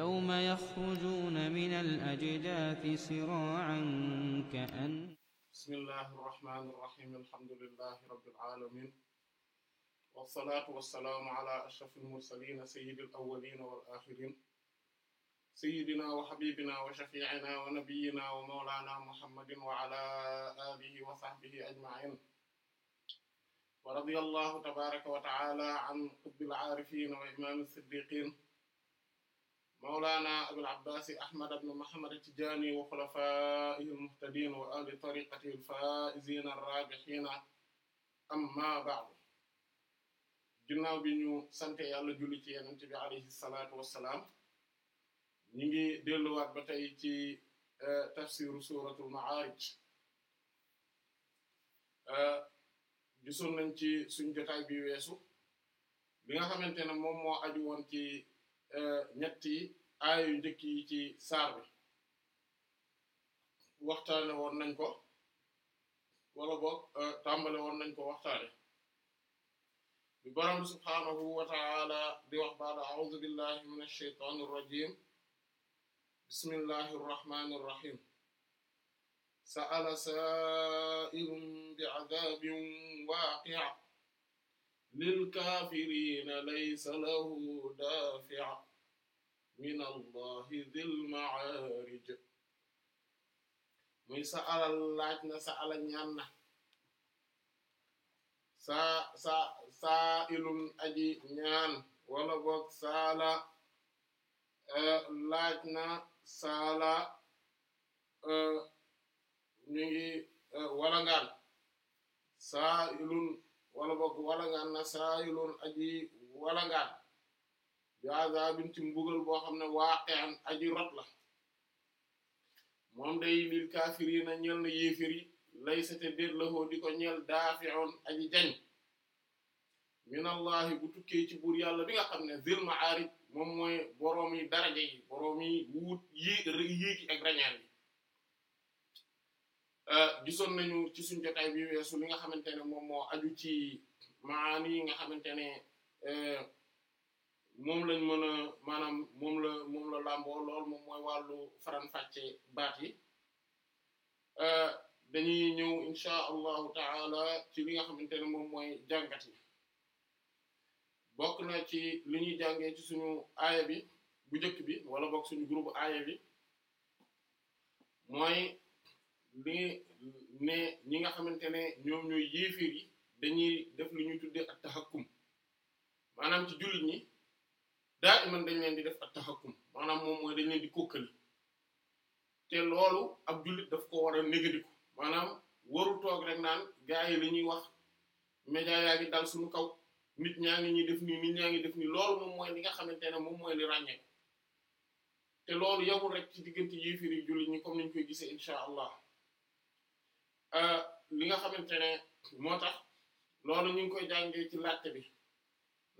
يوم يخرجون من الأجداث سراعا كأن بسم الله الرحمن الرحيم الحمد لله رب العالمين والصلاة والسلام على أشرف المرسلين سيد الأولين والآخرين سيدنا وحبيبنا وشفيعنا ونبينا ومولانا محمد وعلى آله وصحبه أجمعين ورضي الله تبارك وتعالى عن قطب العارفين وإمام الصديقين mawlana abul abbasi ahmad ibn muhammad at-tijani wa khulafaihi al-muhtadin wa ahli tariqatihi al-faizin ar-rabihin amma ba'du ginnaaw bi ñu sante yàlla julli ci yenente bi alayhi salatu wassalaam ñi ngi delluwaat ba tey ci e, tafsiru suratul ma'arij e, gisoon nañ ci suñ jotaay bi weesu bi nga xamante ne moom moo aju woon ci Euh, ñetti aaya yu njëkk yi ci saar bi waxtaane woon nañ ko wala boog euh, tàmbale woon nañ ko waxtaane bi borom subhaanahu wa ta'ala di wax baada a'udhu billahi minash shaytanir rajim bismillahir rahmanir rahim sa'ala sa'ilun bi'adabin waqi'a lil kaafiriina laysa lahu daafi' min allahi dhil ma'aarij muy sa laaj na sa alal ñaan na saa saa saa ilun aji ñaan wala boog saala eh, laaj na saala eh, ñu ngi eh, walangaan saa ilun wala boog walangaan na saayilun aji walangaan bi azabin ci mbugal boo xam ne waaqi'an aji rot la moom day lil kaafiriina ñel na yéefir yi laysa te déet lahoo di ko ñel daafi'un aji jañ minallahi bu tukkee ci buur yàlla bi nga xam ne zil ma'arij moom mooy borom yi daraja yi boroom yi wuut yi yéegi ak rañaan yi Euh, gisoon nañu ci suñ jotaay bi weesu li nga xamante ne moom moo aju ci maani yi nga xamante ne euh, moom lañ mën a maanaam moom la moom la làmboo lool moom mooy wàllu faram baat yi euh, dañuy ñëw insha allahu taala ci li nga xamante ne moom mooy jàngat yi bokk na ci li ñuy jàngee ci suñu aaya bi bu jëkk bi wala bokk suñu groupe aaya bi mooy mais ne ñi nga xamante ne ñoom ñooy yéeféer yi dañuy def lu ñuy tuddee ak taxakkum maanaam ci jullit ñi daa iman dañ leen di def ak taxakkum maanaam moom mooy dañ leen di kókkali te loolu ab jullit daf ko war a négadiku maanaam waru toog rek naan gaa yi la ñuy wax média yaa ngi dal suñu kaw nit ñaa ngi ñuy def nii nit ñaa ngi def nii loolu moom mooy li nga xamante ne moom mooy li ràññee te loolu yamul rek ci diggante yéeféer yi jullit ñi comme niñ koy gisee incha allah Euh, li nga xamante ne moo tax loolu ñu ngi koy jàngee ci laajte bi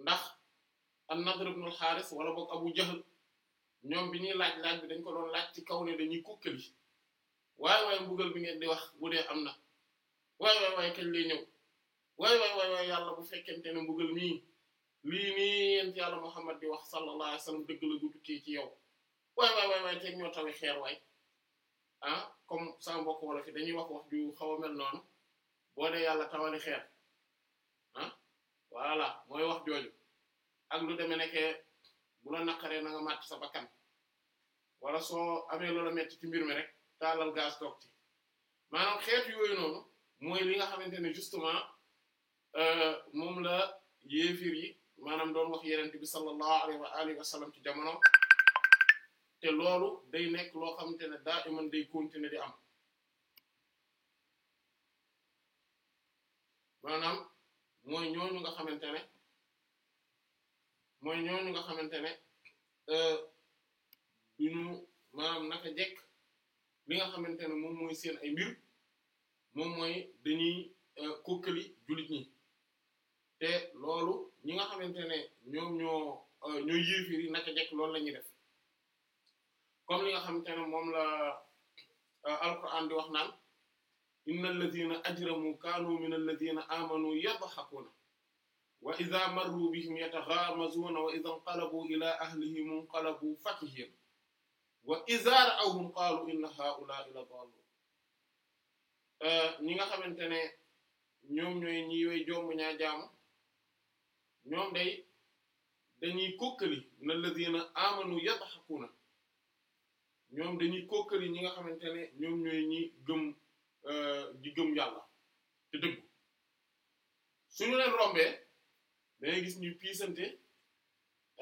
ndax an-Nadr ibn al wala boog Abu Jahl ñoom bi ñuy laaj laaj bi dañ ko doon laaj ci kaw ne dañuy kukkali waaye waaye mbugal bi ngeen di wax bu dee am na waaye waaye waaye kañ lay ñëw waaye waaye waaye yàlla bu fekkente ne mbugal mii lii nii yent yàlla Muhammad di wax sallallahu alayhi wasallam dëgg la gu ci yow waaye waaye waaye ñoo tawe xeer waay ah comme sama mbokk wala fi dañuy wax wax ju xaw a mel noonu boo dee yàlla tawali xeer ah voilà mooy wax jooju ak lu demee nekkee bu la naqaree na nga sa bakkan wala soo amee loola metti ci mbir mi rek taalal gaz toog ci maanaam xeet yooyu noonu mooy li nga xamante ne justement euh, moom la yéefir yi maanaam doon wax yeneen bi sallallahu alayhi wa alihi wa sallam te loolu day nekk loo xamante ne daa iman day continuer di am maanaam mooy ñooñu nga xamante ne mooy ñooñu nga xamante ne euh, duñu maanaam naka jekk li nga xamante ne moom mooy seen ay mbir moom mooy dañuy euh, kokkali jullit ñi te loolu ñi nga xamante ne ñoom ñoo euh, ñoo yéefir yi naka jekk loolu la ñuy def comme li nga xam xamante ne moom la euh, alquran di wax naan inna alladhina ajramu kanu min alladhina amanu yadhakuna wa idha marru bihim yataghamazuna wa idha inqalabu ila ahlihim inqalabu fakihin wa idha ra'awhum qalu inna ha'ula'i la dallun euh, ñi nga xamante ne ñoom ñooy ñi woy jomb ñaa jaamu ñoom day dañuy kokkali min alladhina amanu yadhakuna ñoom dañuy yi ñi nga xamante ne ñoom ñooy ñi gëm euh, di gëm yàlla te dëggu suñu leen rombee dangay gis ñuy piisante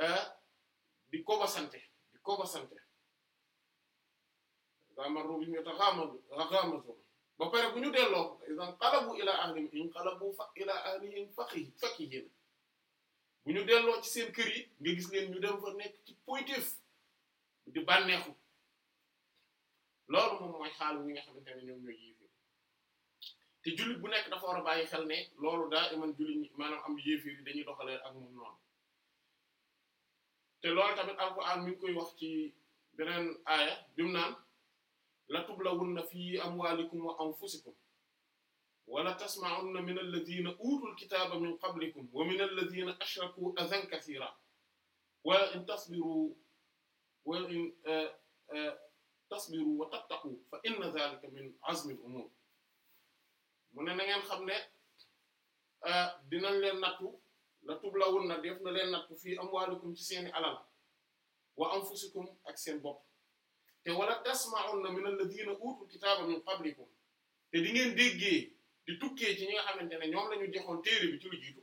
euh, di kobasante di kobasante gamarru bi ñu taxaamazu ba pare bu ñu delloo idan qalabu ila ahlihim inqalabu fa ila ahlihim fakihin bu ñu delloo ci seen kër yi nga gis leen ñu dem fa nekk ci poytéef di bànneexu loolu moom mooy xaalu ñi nga xamante ne ñoom ñooy yéeféer te jullit bu nekk dafa war a bàyyi xel ne loolu daa iman jullit ñi maanaam am yéeféer yi dañuy doxalee ak mu noonu te loolu tamit alquran mi ngi koy wax ci beneen aaya bi naan la tublawunna fi amwalikum wa anfusikum wala tasma'unna min alladhina utul kitaba min qablikum wa min alladhina ashraku adhan kathira wa in tasbiru wa in tasbiru wa tattaqu fa inna dhalika min azmi umur mu ne na ngeen xam ne ah, dina leen nattu la tublawunna def na leen nattu fii amwaalikum ci seeni alal wa anfusikum ak seen bopp te wala tasma'unna min alladhina utul kitaaba min qablikum te di ngeen déggee di tukkee ci ñi nga xamante ne ñoom la ñu joxoon téere bi ci lu jiitu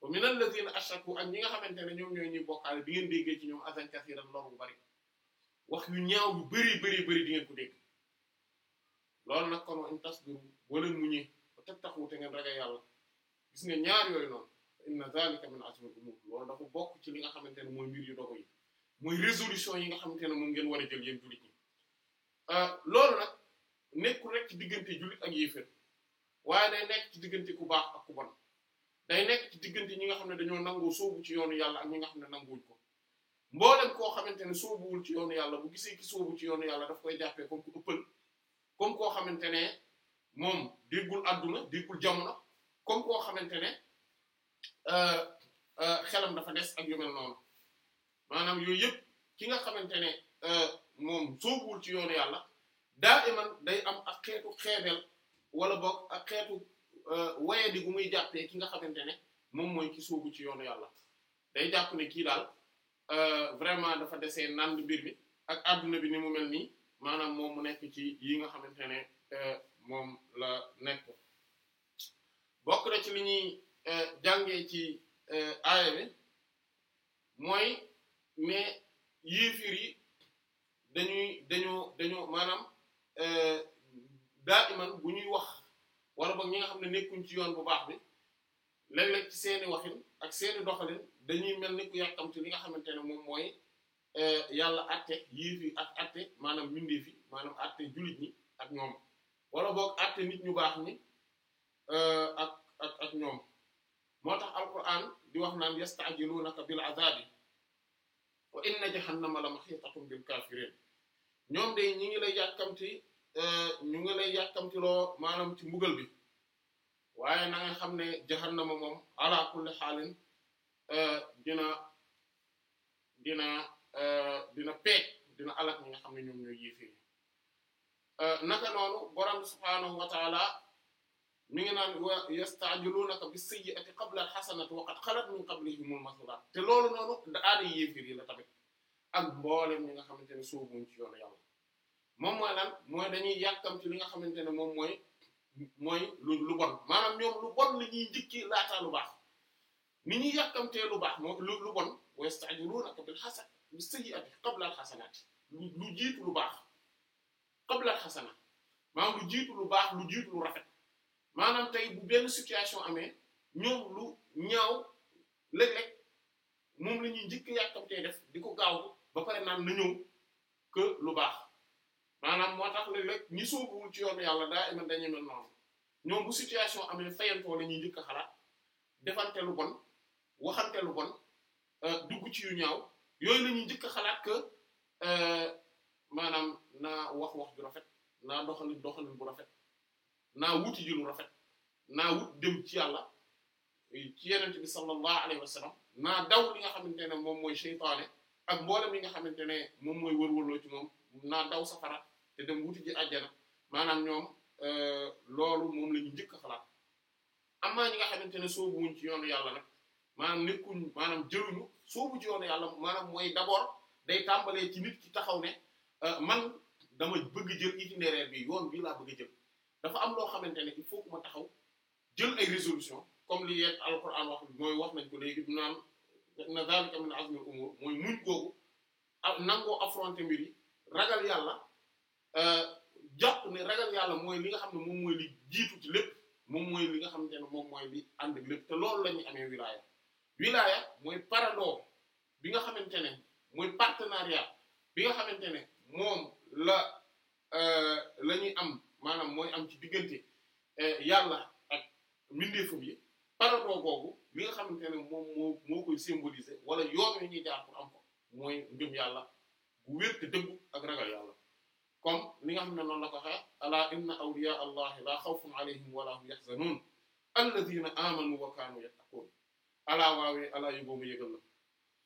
wa min alladhina ashraku ñi nga xamante ne ñoom ñooy ñuy bokkaale di ngeen déggee ci ñoom azan kathiran lor bari wax yu ñaaw yu bari bari bari di ko dégg loolu nag kon in tasbiru wala muñe ba tattaxu te ngeen ragal yàlla gis nga ñaar yooyu noonu inna zalika min azmil umur loolu dafa bokk ci li nga xamante ne mooy mbir yu dogo mooy résolution yi nga xamante ne moom ngeen war a jël yéen euh, loolu nag nekkul rek ci diggante jullit ak yéeféer waaye day nekk ci diggante ku baax ak ku bon day nekk ci diggante ñi nga xam ne dañoo nangoo sóobu ci yoonu yàlla ak ñi nga xam ne nanguwuñ ko mboolem koo xamante ne sóobuwul ci yoonu yàlla bu gisee ki sóobu ci yoonu yàlla daf koy jàppee comme ku ëppal comme koo xamante ne moom déggul àdduna déggul jamono comme koo xamante ne euh, euh, xelam dafa des ak yu maanaam yooyu yëpp ki nga xamante ne euh, moom sóobuwul ci yoonu yàlla daa iman day am ak xeetu xeebel wala boog ak xeetu waye di gu muy jàppee ki nga xamante ne moom mooy ki sóobu ci yoonu yàlla day jàpp ne kii daal Euh, vraiment dafa desee nand mbir mi ak adduna bi ni mu mel nii maanaam moom mu nekk ci yi nga xamante ne euh, moom la nekk bokk na ci li ñuy euh, jànge ci aaya bi mooy ne yéefir yi dañuy dañoo dañoo maanaam daa iman bu ñuy wax wala boog ñi nga xam ne nekkuñ ci yoon bu baax bi léeg-léeg ci seeni waxin ak seeni doxalin dañuy mel ni ku yàkkamti li nga xamante ne moom mooy euh, yàlla atte yéefi ak atte maanaam mbindeef fi maanaam atte jullit ñi ak ñoom wala boog atte nit ñu baax ni euh, ak ak ñoom moo tax alquran di wax naan yasta'jilunaka bil azabi wa inna jahannama la mahitatun bil kafirin ñoom de ñi ngi lay yàkkamti euh, ñu ngi lay yàkkamtiloo maanaam ci mbugal bi waaye na xam ne jahannama moom ala kulli xaalin euh, dina dina euh, dina peeg dina alak nga xam ne ñoom ñooy yéefee euh, naka noonu borom bi subhaanahu wa taala mi ngi naan wa yasta'jilunaka bis-sayyi'ati qabla al-hasanati wa qad khalat min qablihimul mathulat te loolu noonu daal di yéefir yi la tamit ak mboole ñi nga xamante ne sóobuñ ci yoonu yàlla moom mooy lan mooy dañuy yàkkam ci li nga xamante ne moom mooy mooy lu lu bon maanaam ñoom lu bon la ñuy njëkki laataa lu baax ni ñuy yàkkamtee lu baax moo lu lu bon wasta'jiluunaka bil hasan bis sayyi'ati qabla al hasanaati lu jiitu lu baax qabla al hasana maanaam lu jiitu lu baax lu jiitu lu rafet maanaam tey bu benn situation amee ñoom lu ñaaw léeg-léeg moom la ñuy njëkk yàkkamtee def di ko gaaw ba pare naan na ñëw que lu baax maanaam moo tax léeg-léeg ñi sóobuwul ci yoonu yàlla daa iman dañuy mel noonu ñoom bu situation amee fayantoo la ñuy njëkk a xalaat defante lu bon waxante lu bon euh, dugg ci yu ñaaw yooyu la ñuy njëkk xalaat que euh, maanaam naa wax wax ju rafet naa doxalin doxalin bu rafet naa wuti ji lu rafet naa wut dem ci yàlla eh, ci yenente bi sallallahu alayhi wa naa daw li nga xamante ne moom mooy seytaane ak mboolem li nga xamante ne moom mooy wër-wërloo ci moom naa daw safara te dem wuti ji àjjana maanaam ñoom euh, loolu moom la njëkk a xalaat amaa ñi nga xamante ne soobuwuñ ci yoonu yàlla nag maanaam nekkuñ maanaam jëluñu soobu ci yoonu maanaam mooy d'abord day tàmbalee ci nit ci taxaw ne euh, man dama bëgg jël itinéraire bi yoon bii laa bëgg a jël dafa am loo xamante ne il faut taxaw jël ay résolution comme li yet alquran wax mooy wax nañ ko léegi naan na zalika min azmil umur mooy muñ googu nangoo affronter mbir ragal yàlla Euh, jàpp ne ragal yàlla mooy li nga xam ne moom mooy li jiitu ci lépp moom mooy li nga xamante ne moom mooy li ànd lépp loolu la ñuy amee mooy parandoo bi nga xamante ne mooy partenariat bi nga xamante ne moom la euh, la ñuy am maanaam mooy am ci diggante euh, yàlla ak mbindeefam yi parandoo googu li nga xamante ne moom moo moo koy symboliser wala yoon wi ñuy jaar pour am mooy ngëm yàlla gu wér te dëggu ak ragal yàlla. comme ni nga xam ne noon la ko waxee alaa inna awliya allahi la xawfun alayhim wala hum yaxzanuun alladina amanu wa kaanu alaa waawee alaa yóbboo ma yëgal la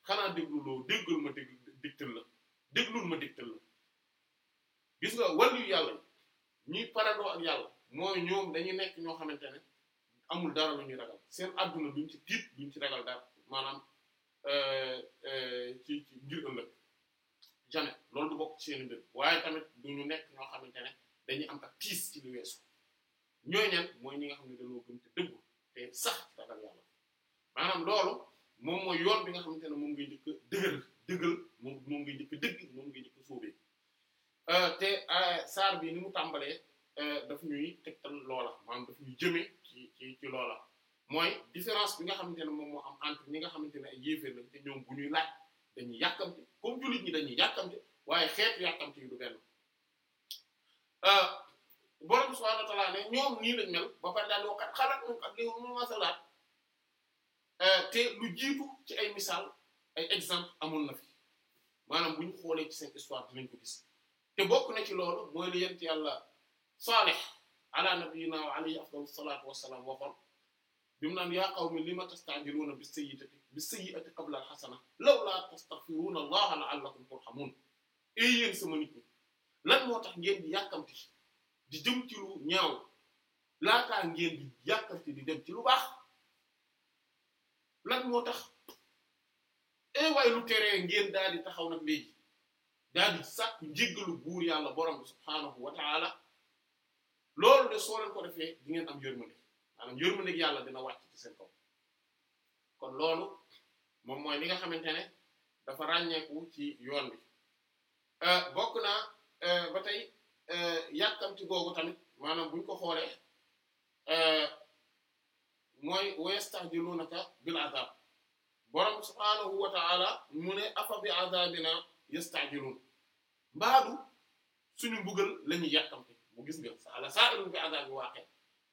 xanaa déglu loo déggul ma dégg digtal la déglul ma digtal la gis nga yàlla ñuy paradoo ak yàlla mooy ñoom dañuy nekk ñoo xamante ne amul dara lu ñuy ragal seen àdduna duñ ci tiit duñ ci ragal dara maanaam euh, euh, ci ci ngir ëllëg jamais loolu du bokk ci seen waaye tamit du ñu nekk ñoo xamante ne dañuy am ak tiis ci li weesu ñooy ñan mooy ñi nga xam ne dañoo sax ragal loolu moom mooy yoon bi nga xamante ne moom ngay njëkk dëgëral dëggal moom moom ngay njëkk dëgg moom ngay njëkk sóobee euh, te euh, saar bi ni mu tàmbalee euh, daf ñuy tegtal loola maanaam daf ñuy jëmee ci ci loola mooy différence bi nga xamante ne moom moo am entre ñi nga xamante ne ay yéeféer lañ te ñoom bu ñuy laaj dañuy yàkkamti comme jullit ñi dañuy yàkkamti waaye xeet yàkkamti yi du benn euh, borom subhaanahu wa ta'aala ne ñoom nii lañ mel ba pare daal di waxaat xalaat moom ak mu masalaat euh, te lu jiitu ci ay misaal ay exemple amul na fi maanaam bu xoolee ci seen histoire dinañ ko gis te bokk na ci loolu mooy li yent yàlla saalih ala nabiyyina wa alayhi afdalu salaatu wassalaam waxoon bi mu naan yaa qawmi lima tasta'jiluuna bis sayyi'ati bi sayyi'ati qabla al-hasana lawlaa tastaghfiruuna Allaha la'allakum turhamuun ee eh, yéen sama nit ñi lan moo tax ngeen di yàkkamti di jëm ci lu ñaaw laataa ngeen di yàkkamti di dem ci lu baax lan moo tax ee eh, waaye lu teree ngeen daal di taxaw nag léegi daal di sàkku njéggalu buur yàlla borom bi subhaanahu wa ta'ala loolu de soo leen ko defee di ngeen am yërmande maanaam yërmande yàlla dina wàcc ci seen kaw kon loolu moom mooy li nga xamante ne dafa ràññeeku ci yoon bi euh, bokk naa euh, ba tey euh, yàkkamti googu tamit maanaam buñ ko xoolee mooy wayasta'jilunaka bil azab borom subhaanahu wa ta'ala mu ne afa bi azabina yasta'jilun mbaadu suñu mbugal la ñuy yàkkamti bu gis nga ala sa'ilun bi azab bi waaqi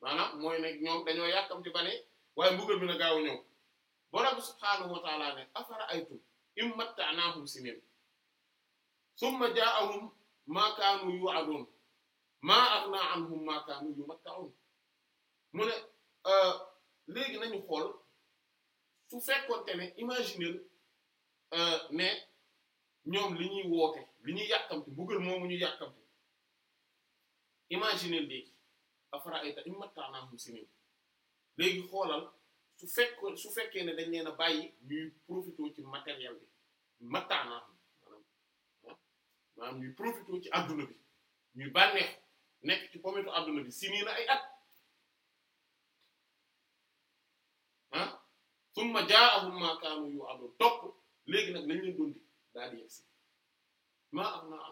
maanaam mooy ne ñoom dañoo yàkkamti ba ne waaye mbugal bi na gaaw ñëw borom subhaanahu wa taala ne afara aytum in matta'naahum siniin summa jaa'ahum maa kaanu yu'aduun maa aghnaa anhum maa kaanu yumatta'uun mu ne euh, léegi nañu xool su fekkoonte ne imaginer euh, ne ñoom li ñuy woote li ñuy yàkkamti buggal moomu ñu yàkkamti imaginer léegi afara ayta in matta'naahum siniin léegi xoolal. su fekkoon su fekkee ne dañ leen a bàyyi ñuy profité ci matériel bi mattaanaa maanaam ah, maanaam ñuy profité ci adduna bi ñuy bànneex nekk ci pometu adduna bi si nii na ay at ah summa jaa'ahum maa kaanu yu'aduun topp léegi nag lañ leen doon di daal di yegg si maa aghnaa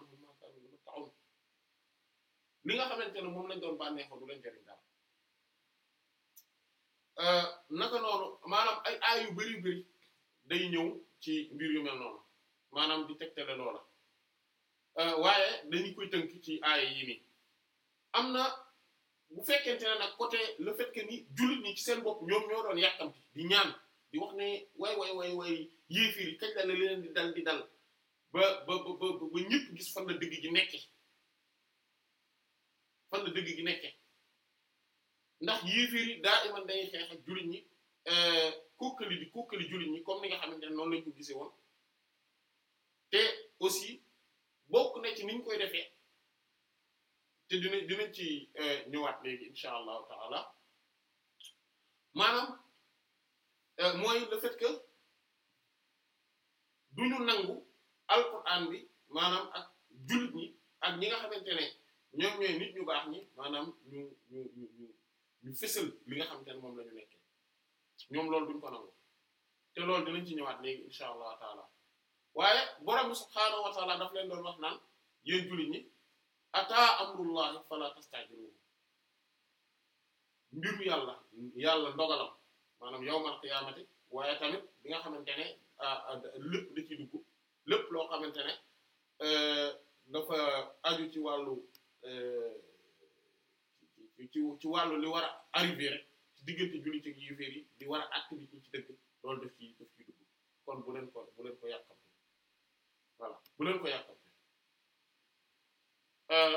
nga xamante ne moom lañ doon bànneexoo du leen jariñ dara Euh, naka noonu maanaam ay aay yu bari bari day ñëw ci mbir yu mel noonu maanaam di tegtale loola euh, waaye dañu koy tënk ci aay yi nii am na bu fekkente ne nag côté le fait que ni jullit ñi ci seen bopp ñoom ñoo doon yàkkamti di ñaan di wax ne way way way way yéefiir la leen di dal di dal ba ba ba ba ñëpp gis fan la dëgg gi nekke fan la dëgg gi nekke ndax yéeféer yi daa iman dañuy xeex ak ñi euh, kukkali di kukkali jullit ñi comme ni nga xamante ne noon lañ ko gisee woon te aussi bokk na ci niñ koy defee te dina dinañ ci euh, ñëwaat léegi incha allahu taala maanaam euh, mooy le fait que duñu nangu alquran bi maanaam ak jullit ñi ak ñi nga xamante ne ñoom ñooy nit ñu baax ñi maanaam ñu ñu ñu ñu fësal li nga xamante ne moom lañu ñu nekkee ñoom loolu duñ ko nangu te loolu dinañ ci ñëwaat léegi incha allah taala waaye borom bi subhaanahu wa daf leen doon wax naan yéen jullit ñi ataa amrullahi fala tastajiluhu mbiru yàlla yàlla ndogalam maanaam yawmal qiyaamati waaye tamit bi nga xamante ne lépp da ci dugg lépp loo xamante ne euh, dafa aju ci wàllu euh, ci ci wàllu li war a rek diggante jullit ak yéeféer yi di war a àtt nit ñi ci dëgg loolu daf ciy daf kon bu leen ko bu leen ko yàkkamte voilà bu leen ko yàkkamte euh,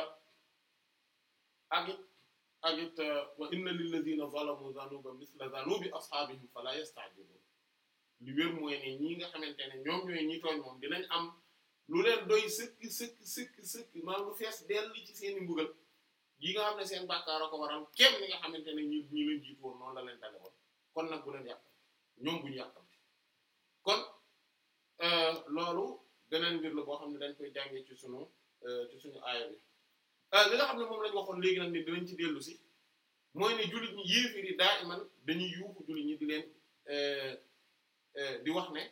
ak it ak it euh, wa inna lillazina zalamu zanuba misla zanubi ashabihim fala yasta'jilun li wér mooy ne ñi nga xamante ne ñoom ñooy ñi tooñ moom dinañ am lu leen doy sëkk sëkk sëkk sëkk maanaam lu fees dell ci seeni mbugal yi nga xam ne seen bàkkaaroo ko waral kéem li nga xamante ne ñi ñi leen jiitu woon noonu la leen tane woon kon nag bu leen yàq ñoom bu ñu yàqal kon euh, loolu beneen mbir la boo xam ne dañ koy jàngee ci sunu euh, ci suñu aaya bi euh, li nga xam ne moom lañ waxoon léegi nag ne dinañ ci dellusi mooy ne jullit ñi yéefir yi daa iman dañuy yuuxu jullit ñi di leen di wax ne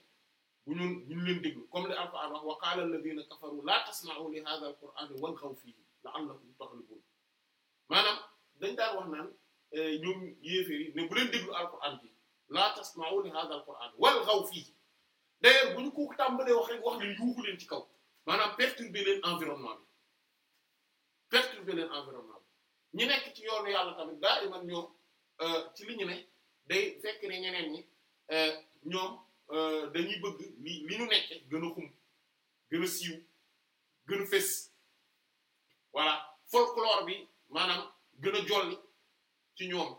bu ñun ñu leen déglu comme li Alxuraan wax wa qaala alladhiina kafaru laa tasma'u li haadha al-qur'aani walghaw fiihi la'allakum taghlibun maanaam dañ daan wax naan eh, ñoom yéeféer yi bu leen déglu alquran bi laa tasma'u li hadha alquran wal ghaw fiihi d'ailleurs wax rek wax leen yuuxu leen ci kaw maanaam perturber leen environnement bi perturber leen environnement bi ñi nekk ci yoonu yàlla tamit daa iman ñoom eh, ci li ñu ne day fekk ne ñeneen ñi eh, ñoom dañuy bëgg li li ñu nekke gën a xum gën a siiw gën a fés voilà folklore bi maanaam gën a jolli ci ñoom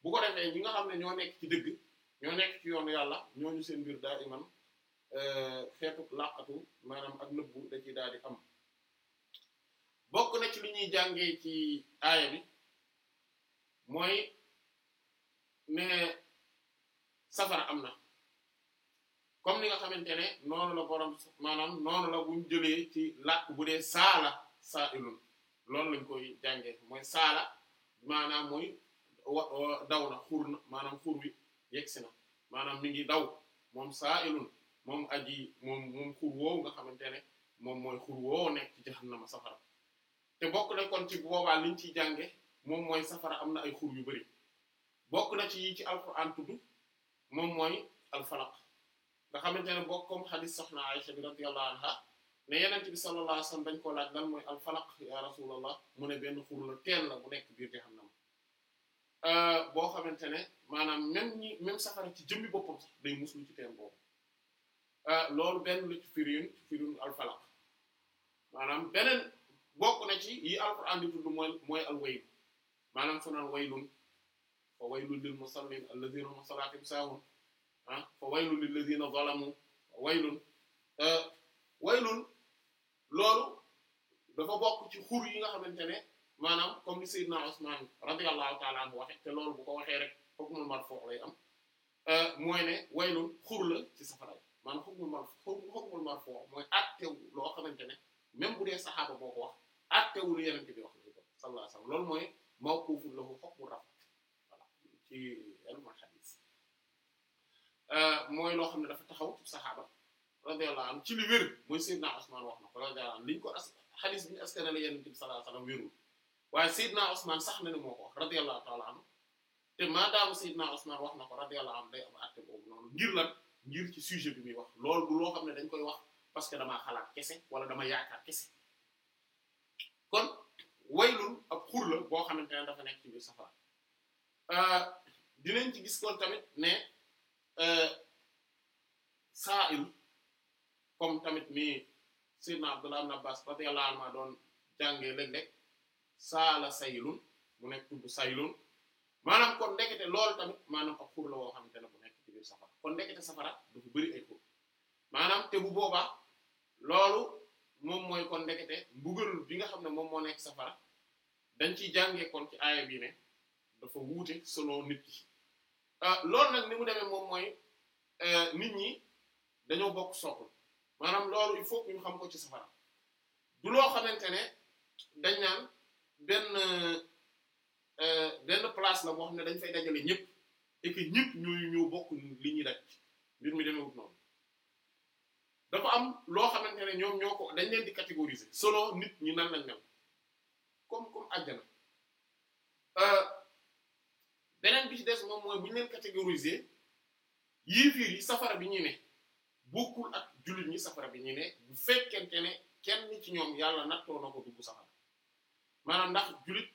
bu ko defee ñi nga xam ne ñoo nekk ci dëgg ñoo nekk ci yoonu yàlla ñooñu seen mbir daa iman xeetu euh, laqatu maanaam ak nëbbu da ci daal di am bokk na ci li ñuy jàngee ci aaya bi mooy ne safara am na comme ni nga xamante ne noonu la borom maanaam noonu la buñ jëlee ci làkk bu dee saala saa ilun loolu lañ koy jànge mooy saala maanaam mooy wa daw na xur na maanaam xur wi yegsi na maanaam mi ngi daw moom sa'ilun moom aji moom moom nga xamante ne moom mooy xur woowu nekk ci jahannama safara te bokk na kon ci boobaa liñ ciy jànge moom mooy safara am na ay xur yu bari bokk na ci yi ci alquran tudd moom mooy alfalaq nga xamante ne bokk comme hadith soxna Aisha bi radiyallahu anha mais yenent bi sallallahu alayhi wasallam dañ koo laaj lan mooy al falaq ya rasulallah mu ne benn xur la teel la bu nekk biir jahannam euh, boo xamante ne maanaam même ñi même ci jëmmi boppam sax day muslu ci teen boobu euh, loolu benn la ci firin ci firin al maanaam beneen bokk na ci yi alquran di tudd mooy mooy al wayl naan waylun fa waylun lil musallin alladhina hum salatihim sahun ah, fa waylun lil ladhina waylun euh, waylun loolu dafa bokk ci xur yi nga xamante ne maanaam comme li Seydina Usman radiyallahu ta'ala anhu waxe te loolu bu ko waxee rek hukmul marfu' lay am euh, mooy ne waylun xur la ci safara maanaam hukmul marfu' hukmul marfu' mooy attewu loo xamante ne même bu dee saxaaba boo ko wax attewu lu yenente bi loolu mooy mawqufun lahu hukmul raf voilà ci ilmul hadith euh, mooy loo xam ne dafa taxaw ci saxaaba radiyallahu anhu ci li wér mooy Seydina Usman radiyallahu anhu liñ ko as xadis bi ñu askanale yonent bi sallallahu alayhi wasallam wérul waaye Seydina Ousmane sax na ne moo ko wax radiyallahu ta'ala anhu te maadaama Seydina Ousmane wax na ko radiyallahu anhu day am àtte boobu noonu ngir lan ngir ci sujet bi muy wax loolu loo xam ne dañ koy wax parce que damaa xalaat kese wala dama yaakaar kese kon waylul ab xur la boo xamante ne dafa nekk ci bi safara euh, dinañ ci gis kon tamit ne. na baas ibn Abbas radiyallahu anhu doon jàngee léeg-léeg saala saylun mu nekk tudd saylun maanaam kon ndekete lool tamit maanaam ak xur la woo xamante ne bu nekk ci biir safara kon ndekete safara dafa bëri ay maanaam te bu boobaa loolu moom mooy kon ndekete mbugal bi nga xam ne moom moo nekk safara dañ ciy jàngee kon ci aaya bi ne dafa wuute selon nit ki euh, loolu nag ni mu demee moom mooy euh, nit ñi dañoo bokk soxla. maanaam loolu il faut que ñu xam ko ci safara du loo xamante ne dañ naan benn euh, benn place la boo xam ne dañ fay dajale ñëpp et ñu ñëpp bokk li ñuy daj mbir mi demewut noonu dafa am loo xamante ne ñoom ñoo ko dañ leen di catégoriser solo nit ñi nan lañ mel comme comme àjjana euh, beneen bi ci des moom mooy bu ñu leen catégoriser yii fiir yi safara bi ñuy ne bokkul ak jullit ñi safara bi ñu ne bu fekkente ne kenn ci ñoom yàlla nattoo na ko dugg safara maanaam ndax jullit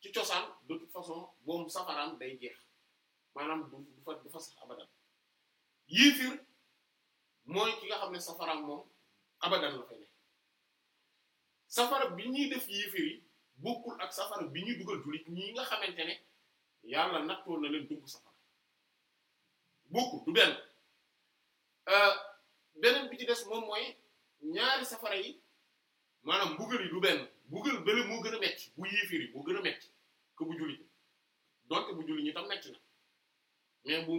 ci cosaan de toute façon boobu safaraan day jeex maanaam du du fa du fa sax abadan yiifir mooy ki nga xam ne safaraam moom abadan la fay safara bi ñuy def yiifir yi bokkul ak safara bi ñuy dugal jullit ñi nga xamante ne yàlla nattoo na leen dugg safara bokkul du benn. Euh, beneen bi ci des moom mooy ñaari safara yi maanaam mbugal yi du benn mbugal bële moo gën a metti bu yéeféer yi moo gën a metti que bu jullit bu jullit ñi tam mais bu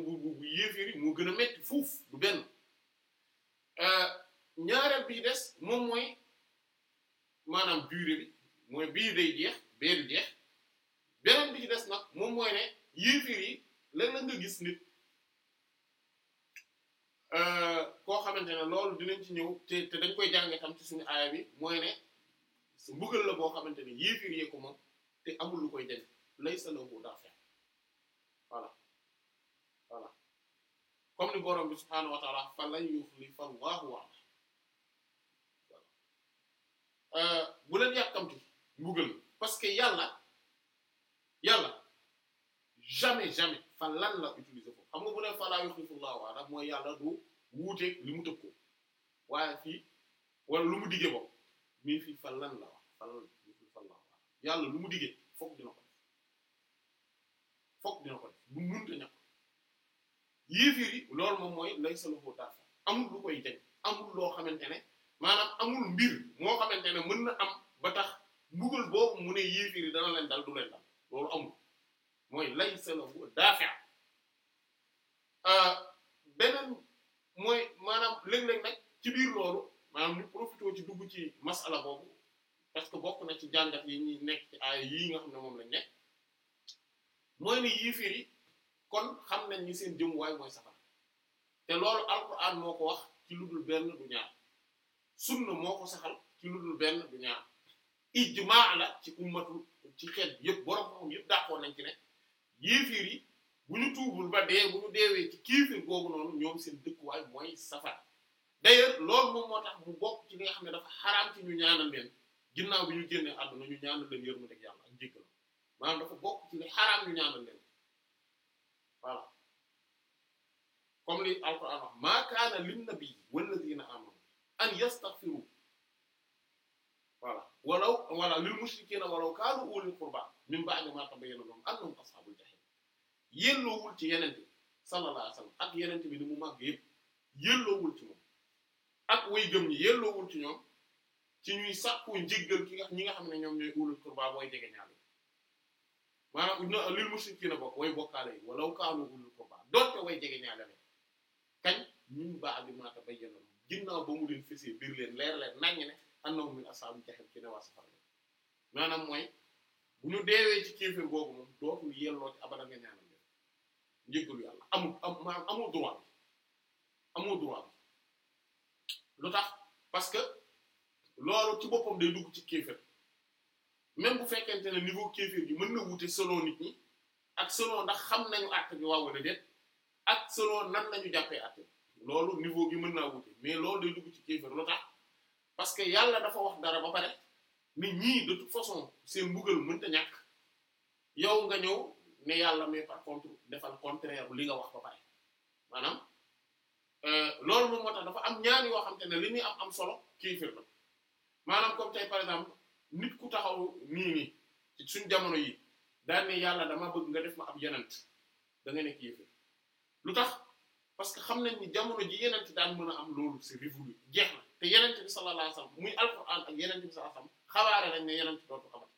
moo gën a metti fuuf du benn euh, ñaareel bi ci des moom mooy maanaam durée bi mooy bii day jeex bee du jeex beneen bi ci des nag moom mooy ne yéeféer yi léeg-léeg nga gis nit. Euh, koo xamante ne loolu dinañ ci ñëw te dañ koy jànge tam ci suñu aaya bi mooy ne su mbugal la boo xamante ne yéefir yee ko moom te amul lu koy jël laysa lahu dafi' voilà voilà comme ni borom bi subhaanahu wa ta'ala fa lan yukhlifa Allahu wa'dahu euh, bu leen yàkkamti mbugal parce que yàlla yàlla jamais jamais fan lan la utiliser xam nga bu ne falaa yuxlifullaahu wa'dah mooy yàlla du wuute li mu tëb ko waaye fii wala lu mu diggee bopp mais fii fan lan la wax fan lan yuxlifullaahu wa'dah yàlla lu mu diggee fokk dina ko def fokk dina ko def lu mënta ñàkk loolu moom mooy laysa lahu daafi' amul lu amul loo xamante ne maanaam amul mbir moo xamante ne mën na am ba tax mbugal boobu mu ne yéefir yi dana leen dal du leen dal loolu amul mooy laysa lahu daafi' Euh, beneen mooy maanaam léeg-léeg nag ci biir loolu maanaam ñu profité ci dugg ci masala boobu parce que bokk na ci jàngat yi ñuy nekk ci aaya yii nga xam ne moom lañ nekk mooy ni yii firi kon xam nañ ni seen jëmuwaay mooy safara te loolu alquran moo ko wax ci lu dul benn du ñaar sunna moo ko saxal ci lu dul benn du ñaar ijmaa la ci ummatu ci xeet yëpp borom xam yëpp d'accord nañ ci ne yii yi bu ñu tuubul ba dee bu ñu deewee ci kiifir googu noonu ñoom seen dëkkuwaay mooy safara d'ailleurs loolu moom moo tax mu bokk ci li nga xam ne dafa xaraam ci ñu ñaanal leen ginnaaw bi ñu génnee àdduna ñu ñaanal leen yërmande ak yàlla ak jéggal maanaam dafa bokk ci li xaraam ñu ñaanal leen li alquran wax maa kaana lin nabi walladina amanu an yastaghfiru voilà yelloowul ci yeneen bi sallallahu alayhi ak yeneen bi ni mu màgg yëpp yelloowul ci moom ak way gëm ñi yelloowul ci ñoom ci ñuy sàkku njéggal ki nga ñi nga xam ne ñoom ñooy ulul qurba mooy jege ñaale maanaam uñ na lil mushrikiina bokk way bokkaale yi walaw kaanu ulul qurba doonte way jege ñaale la kañ ñun baa bi ba mu leen fesee biir leen leer leen naññ ne annahum min ashabil jahim ci ne waa safar maanaam mooy bu ñu deewee ci kéefir googu moom dootul yelloo ci abada nga ñaanal njéggalu yàlla amul am maanaam amul droit lu tax parce que loolu ci boppam day dugg ci kéefër même bu fekkente ne niveau kéefër gi mën na wuti selon nit ñi ak selon ndax xam nañu àtte bi waaw wala déet ak selon nan lañu jàppee àtte loolu niveau gi mën naa wuute mais loolu day dugg ci kéefër lu tax parce que yàlla dafa wax dara ba pare nit ñii de toute façon seen mbugal mënta ñàkk yow nga ñëw ne yàlla mais par contre defal contraire li nga wax ba pare maanaam euh, loolu moom moo tax dafa am ñaan yoo xam te ne li muy am am solo kii na maanaam comme tey par exemple nit ku taxaw nii nii suñ jamono yi daan ne yàlla dama bëgg nga def ma am yenent da nga nekk lu tax parce que xam nañ ni jamono ji yenent daan mën a am loolu c'est révolu jeex na te yenent bi sallallahu alayhi wasallam muy alquran ak yenent bi sallallahu alayhi wasallam xabaare nañ ne yenent dootu amat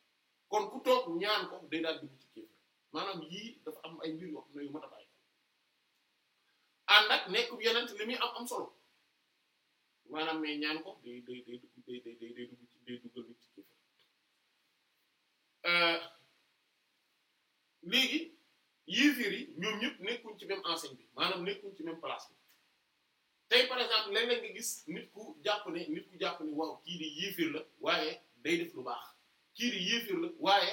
kon ku toog ñaan ko day daal dugg ci kéef maanaam yii dafa am ay mbir yoo xam ne yu mat a bàyyi ànd ak nekkub yeneen li muy am am solo maanaam mais ñaan ko day day day dugg day day day dugg day duggal nit ci kii euh, léegi yéefar yi ñoom ñëpp nekkuñ ci même enseigne bi maanaam nekkuñ ci même place bi tey gis nit ku jàpp nit ku jàpp ne waaw kii di yéefar la waaye day def lu baax kii di yéefar la waaye.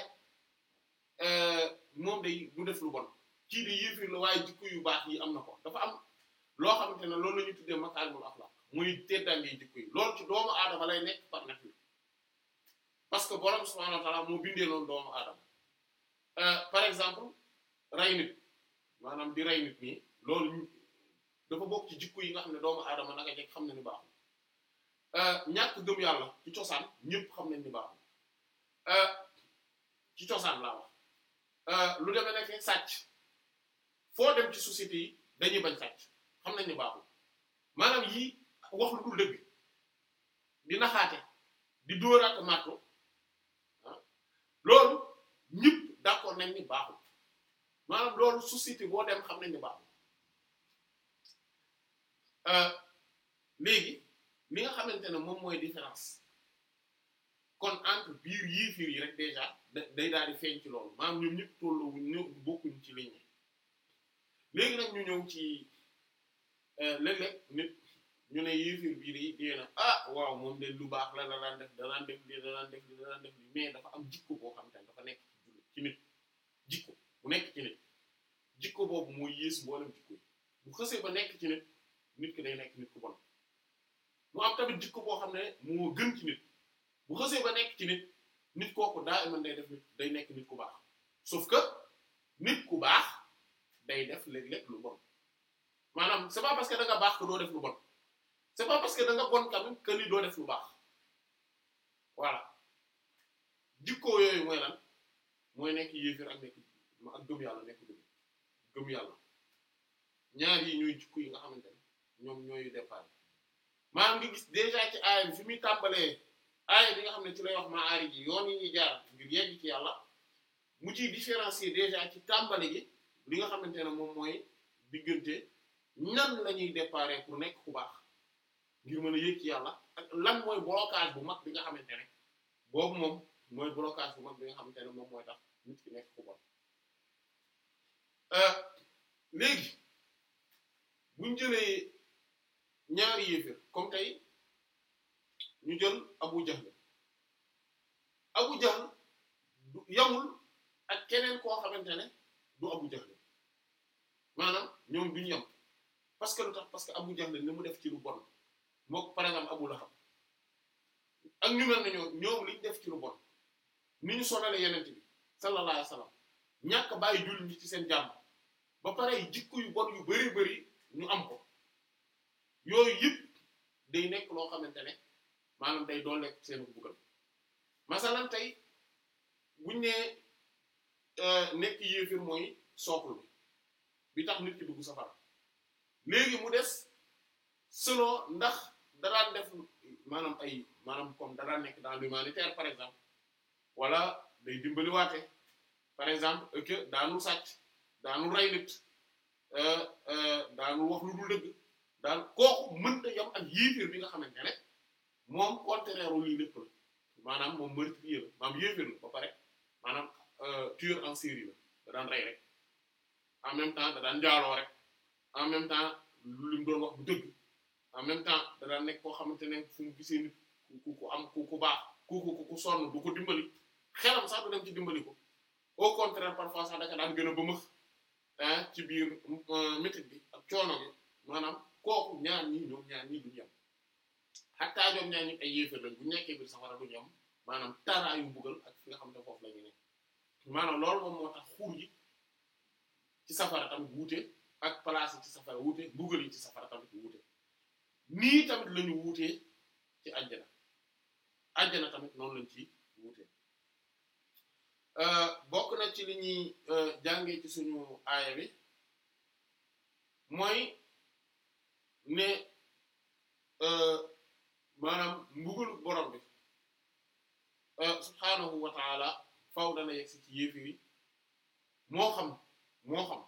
Euh, moom de du def lu bon kii di yéefir la waaye jikko yu baax yi am na ko dafa am loo xamante ne loolu la ñu tuddee makaarimul axlaaq muy teddangee jikko yi loolu ci doomu aadama lay nekk par nature parce que borom subhaanahu wa moo bindee noonu euh, exemple rey nit maanaam di rey nit nii loolu dafa bokk ci jikko yi nga xam ne doomu aadama nanga jekk xam ne ni baaxul euh, ñàkk gëm yàlla ci cosaan ñëpp xam nañ ni baaxul euh, ci cosaan laa wax Euh, lu deme demee nekk sàcc foo dem ci société yi dañuy bañ sàcc xam nañ ne baaxul maanaam yii wax lu dul dëgg di naxaate di dóoraat marto ah loolu ñëpp d'accord nañ ni baaxul maanaam loolu société boo dem xam nañ ni baaxul euh, léegi li nga xamante ne moom mooy différence kon entre biir yéefir yi rek déjà day daal di feeñ ci loolu maanaam ñoom ñëpp tolloo ñëw bokkuñ ci liñ ne léegi nag ñu ñëw ci euh, léeg-léeg nit ñu ne yéefir biir di dee na ah waaw moom de lu baax la la daan def da daan def lii da daan def lii da def lii mais dafa am jikko boo xam te ne dafa nekk ci nit jikko bu nekk ci nit jikko boobu mooy yées mboolem jikko yi bu xësee ba nekk ci nit nit ki day nekk nit ku bon mu am tamit jikko boo xam ne moo gën ci nit. bu xësee ba nekk ci nit nit kooku daa iman day def nit day nekk nit ku baax sauf que nit ku baax day def léeg lu bon maanaam c'est pas parce que da nga baax ko doo def lu bon c'est pas parce que da nga bon quand même que ni doo def lu baax voilà jikko yooyu mooy lan mooy nekk yéefir ak nekk ak gëm yàlla nekk dëgg gëm yàlla ñaar yi ñooy jikko yi nga xamante ne ñoom ñooy départ maanaam nga gis déjà ci aayam fi muy tàmbalee aaya bi nga xam ne ci lay wax ma aari ji yoon yi ñuy jaar ngir yegg ci yàlla mu ciy différencier déjà ci tàmbali gi li nga xamante ne moom mooy diggante nan la ñuy pour nekk ku baax ngir mën a yëg ci yàlla ak mooy blocage bu mag bi nga xamante ne boobu moom mooy blocage bu mag bi nga xamante ne moom mooy tax nit ki nekk ku bon euh, léegi buñ jëlee ñaari yéefér comme tey ñu jël Abu Jahl Abu Jahl du yamul ak keneen koo xamante ne du Abu Jahl maanaam ñoom duñu yam parce que lu tax parce que Abu Jahl ni mu def ci lu bon mook par exemple Abu Lahab ak ñu mel ne ñoo ñoom liñ def ci lu bon ni ñu sonale yeneen bi sallallahu alayhi ñàkk bàyyi jullit ñi ci seen jàmm ba pare jikko yu bon yu bari bari ñu am ko yooyu yëpp day nekk loo xamante ne maanaam day dooleek seen buggal masalan tey buñ ne euh, nekk yéefir mooy sookul bi tax nit ki dugg safara léegi mu des selon ndax danaan def maanaam ay maanaam comme danaan nekk daal l'humanitaire par exemple wala day dimbaliwaate par exemple que daanu sàcc daanu rey nit euh, euh, daanu wax lu dul dëgg daanu kooku mënta yam ak yéefir bi nga xamante ne moom contraire lii lépp la maanaam moom meurtrier la maanaam yéefér la ba pare maanaam euh, tueur en série la daan rey rek en même temps da daan jaaloo rek en même temps lu mu doon wax en même temps da nekk koo xamante ne fu mu gisee nit ku ku am ku ku baax ku ku ku sonn du ko dimbali xelam sax du dem ci dimbali ko au contraire parfois sax daan gën a ba mëx ah ci biir euh, métit bi ak coono bi maanaam kooku ñaar ñii ñoom ñaar ñii duñu xataa ñoom ñaar ñëpp ay yéefar lañ bu nekkee biir safara du ñu am maanaam taaraayu mbugal ak fi nga xam ne foofu la ñu ne maanaam loolu moom moo tax xuur yi ci safara tam wuute ak place yi ci safara wuute mbugal yi ci safara tamit wuute nii tamit la wuutee ci àjjana àjjana tamit noonu lañ ci wuute euh, bokk na ci li ñuy euh, jàngee ci suñu aaya bi mooy ne euh, maanaam mbugalu borom bi euh, subhaanahu wa taala faaw dana yegg ci yéefir yi moo xam moo xam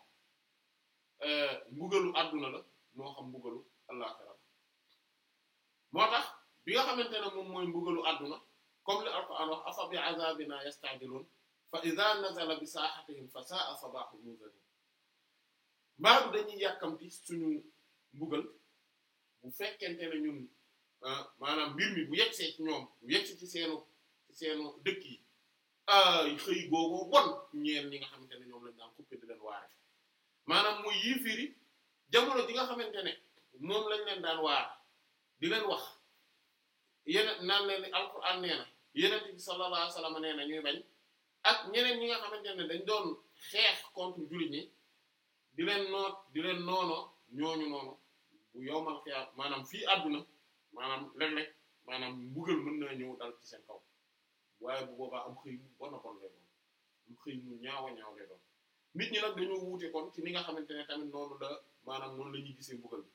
euh, mbugalu àdduna la moo xam mbugalu àllaaxira moo tax bi nga xamante ne moom mooy mbugalu àdduna comme li alquran wax afa bi azabina yasta'jiluun fa idha nazala bi saahatihim fa sa'a sabaahu munzariin mbaaru dañuy yàkkamti suñu mbugal bu fekkente ne ñun Ah, maanaam mbir mi bu yegsee ci ñoom bu yegsee ci seenu ci seenu dëkk yi ay xëy googoo bon ñeen ñi nga xamante ne ñoom lañ daan coupé di leen waare maanaam muy yiifiir yi jamono ji nga xamante ne moom lañ leen daan waar di leen wax yeneen naan leen ni alquran nee yeneen bi sallallahu alayhi wasallam na ñuy bañ ak ñeneen ñi nga xamante ne dañ doon xeex contre jullit ñi di leen noot di leen noono ñooñu noonu bu yowmal xiyaam maanaam fii àdduna maanaam léeg maanaam mbugal mën na ñëw dal ci seen kaw waaye bu boobaa am xëy bon a bon lay am xëy mu ñaaw a ñaaw lay doon nit ñi nag dañoo wuute kon ci ni nga xamante ne tamit noonu la maanaam noonu la ñuy gisee mbugal bi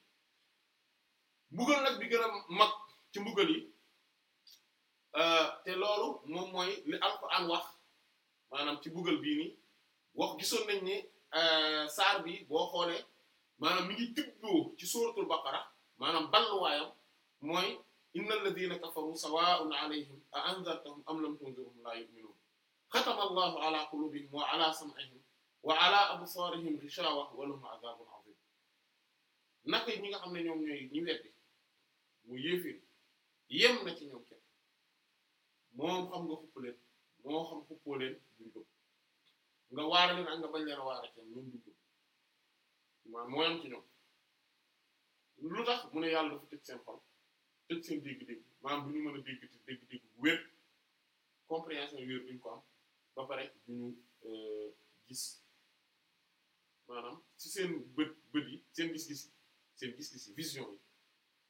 mbugal nag bi gën a mag ci mbugal yi euh, te loolu moom mooy li Alxuraan wax maanaam ci mbugal bii nii wax gisoon nañ ne euh, saar bi boo xoolee maanaam mi ngi tibboo ci ba Baqara maanaam balluwaayam mooy innal ladhina kafaru sawa'un alayhim a anzartahum am lam tunzirhum la yu'minun xatama allahu ala qulubihim wa ala sam'ihim wa ala absarihim ghishawa wa lahum adhabun adhim naka ñi nga xam ne ñoom ñooy ñi weddi mu yéeféen yem na ci ñoom kenn moom xam nga xupp leen moo xam xuppoo leen nga waara leen ak nga a waara kenn ñoom duñ maa mooy am ci ñoom lu tax mu ne yàlla dafa tëj seen xol tëj seen dégg-dégg maanaam bu ñu mën a dégg te dégg-dégg wér duñ ko am ba pare du ñu euh, gis maanaam ci seen bët bët yi seen gis-gis seen gis-gis yi vision yi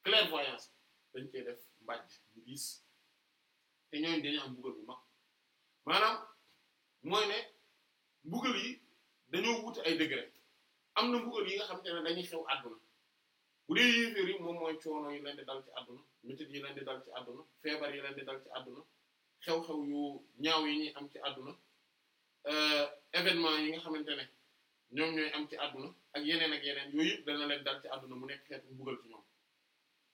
clairvoyance dañ koy def mbàjj ñu gis te ñooñu dañu am mbugal bu mag maanaam mooy ne mbugal yi dañoo wuti ay degré am na mbugal yi nga xam te ne dañuy xew àdduna bu dee yéeféer yi moom mooy coono yi leen di dal ci àdduna métit yi leen di dal ci àdduna feebar yi leen di dal ci àdduna xew-xew yu ñaaw yi ñuy am ci àdduna euh, événement yi nga xamante ne ñoom ñooy am ci àdduna ak yeneen ak yeneen yooyu yëpp dana leen dal ci àdduna mu nekk xeetu mbugal ci ñoom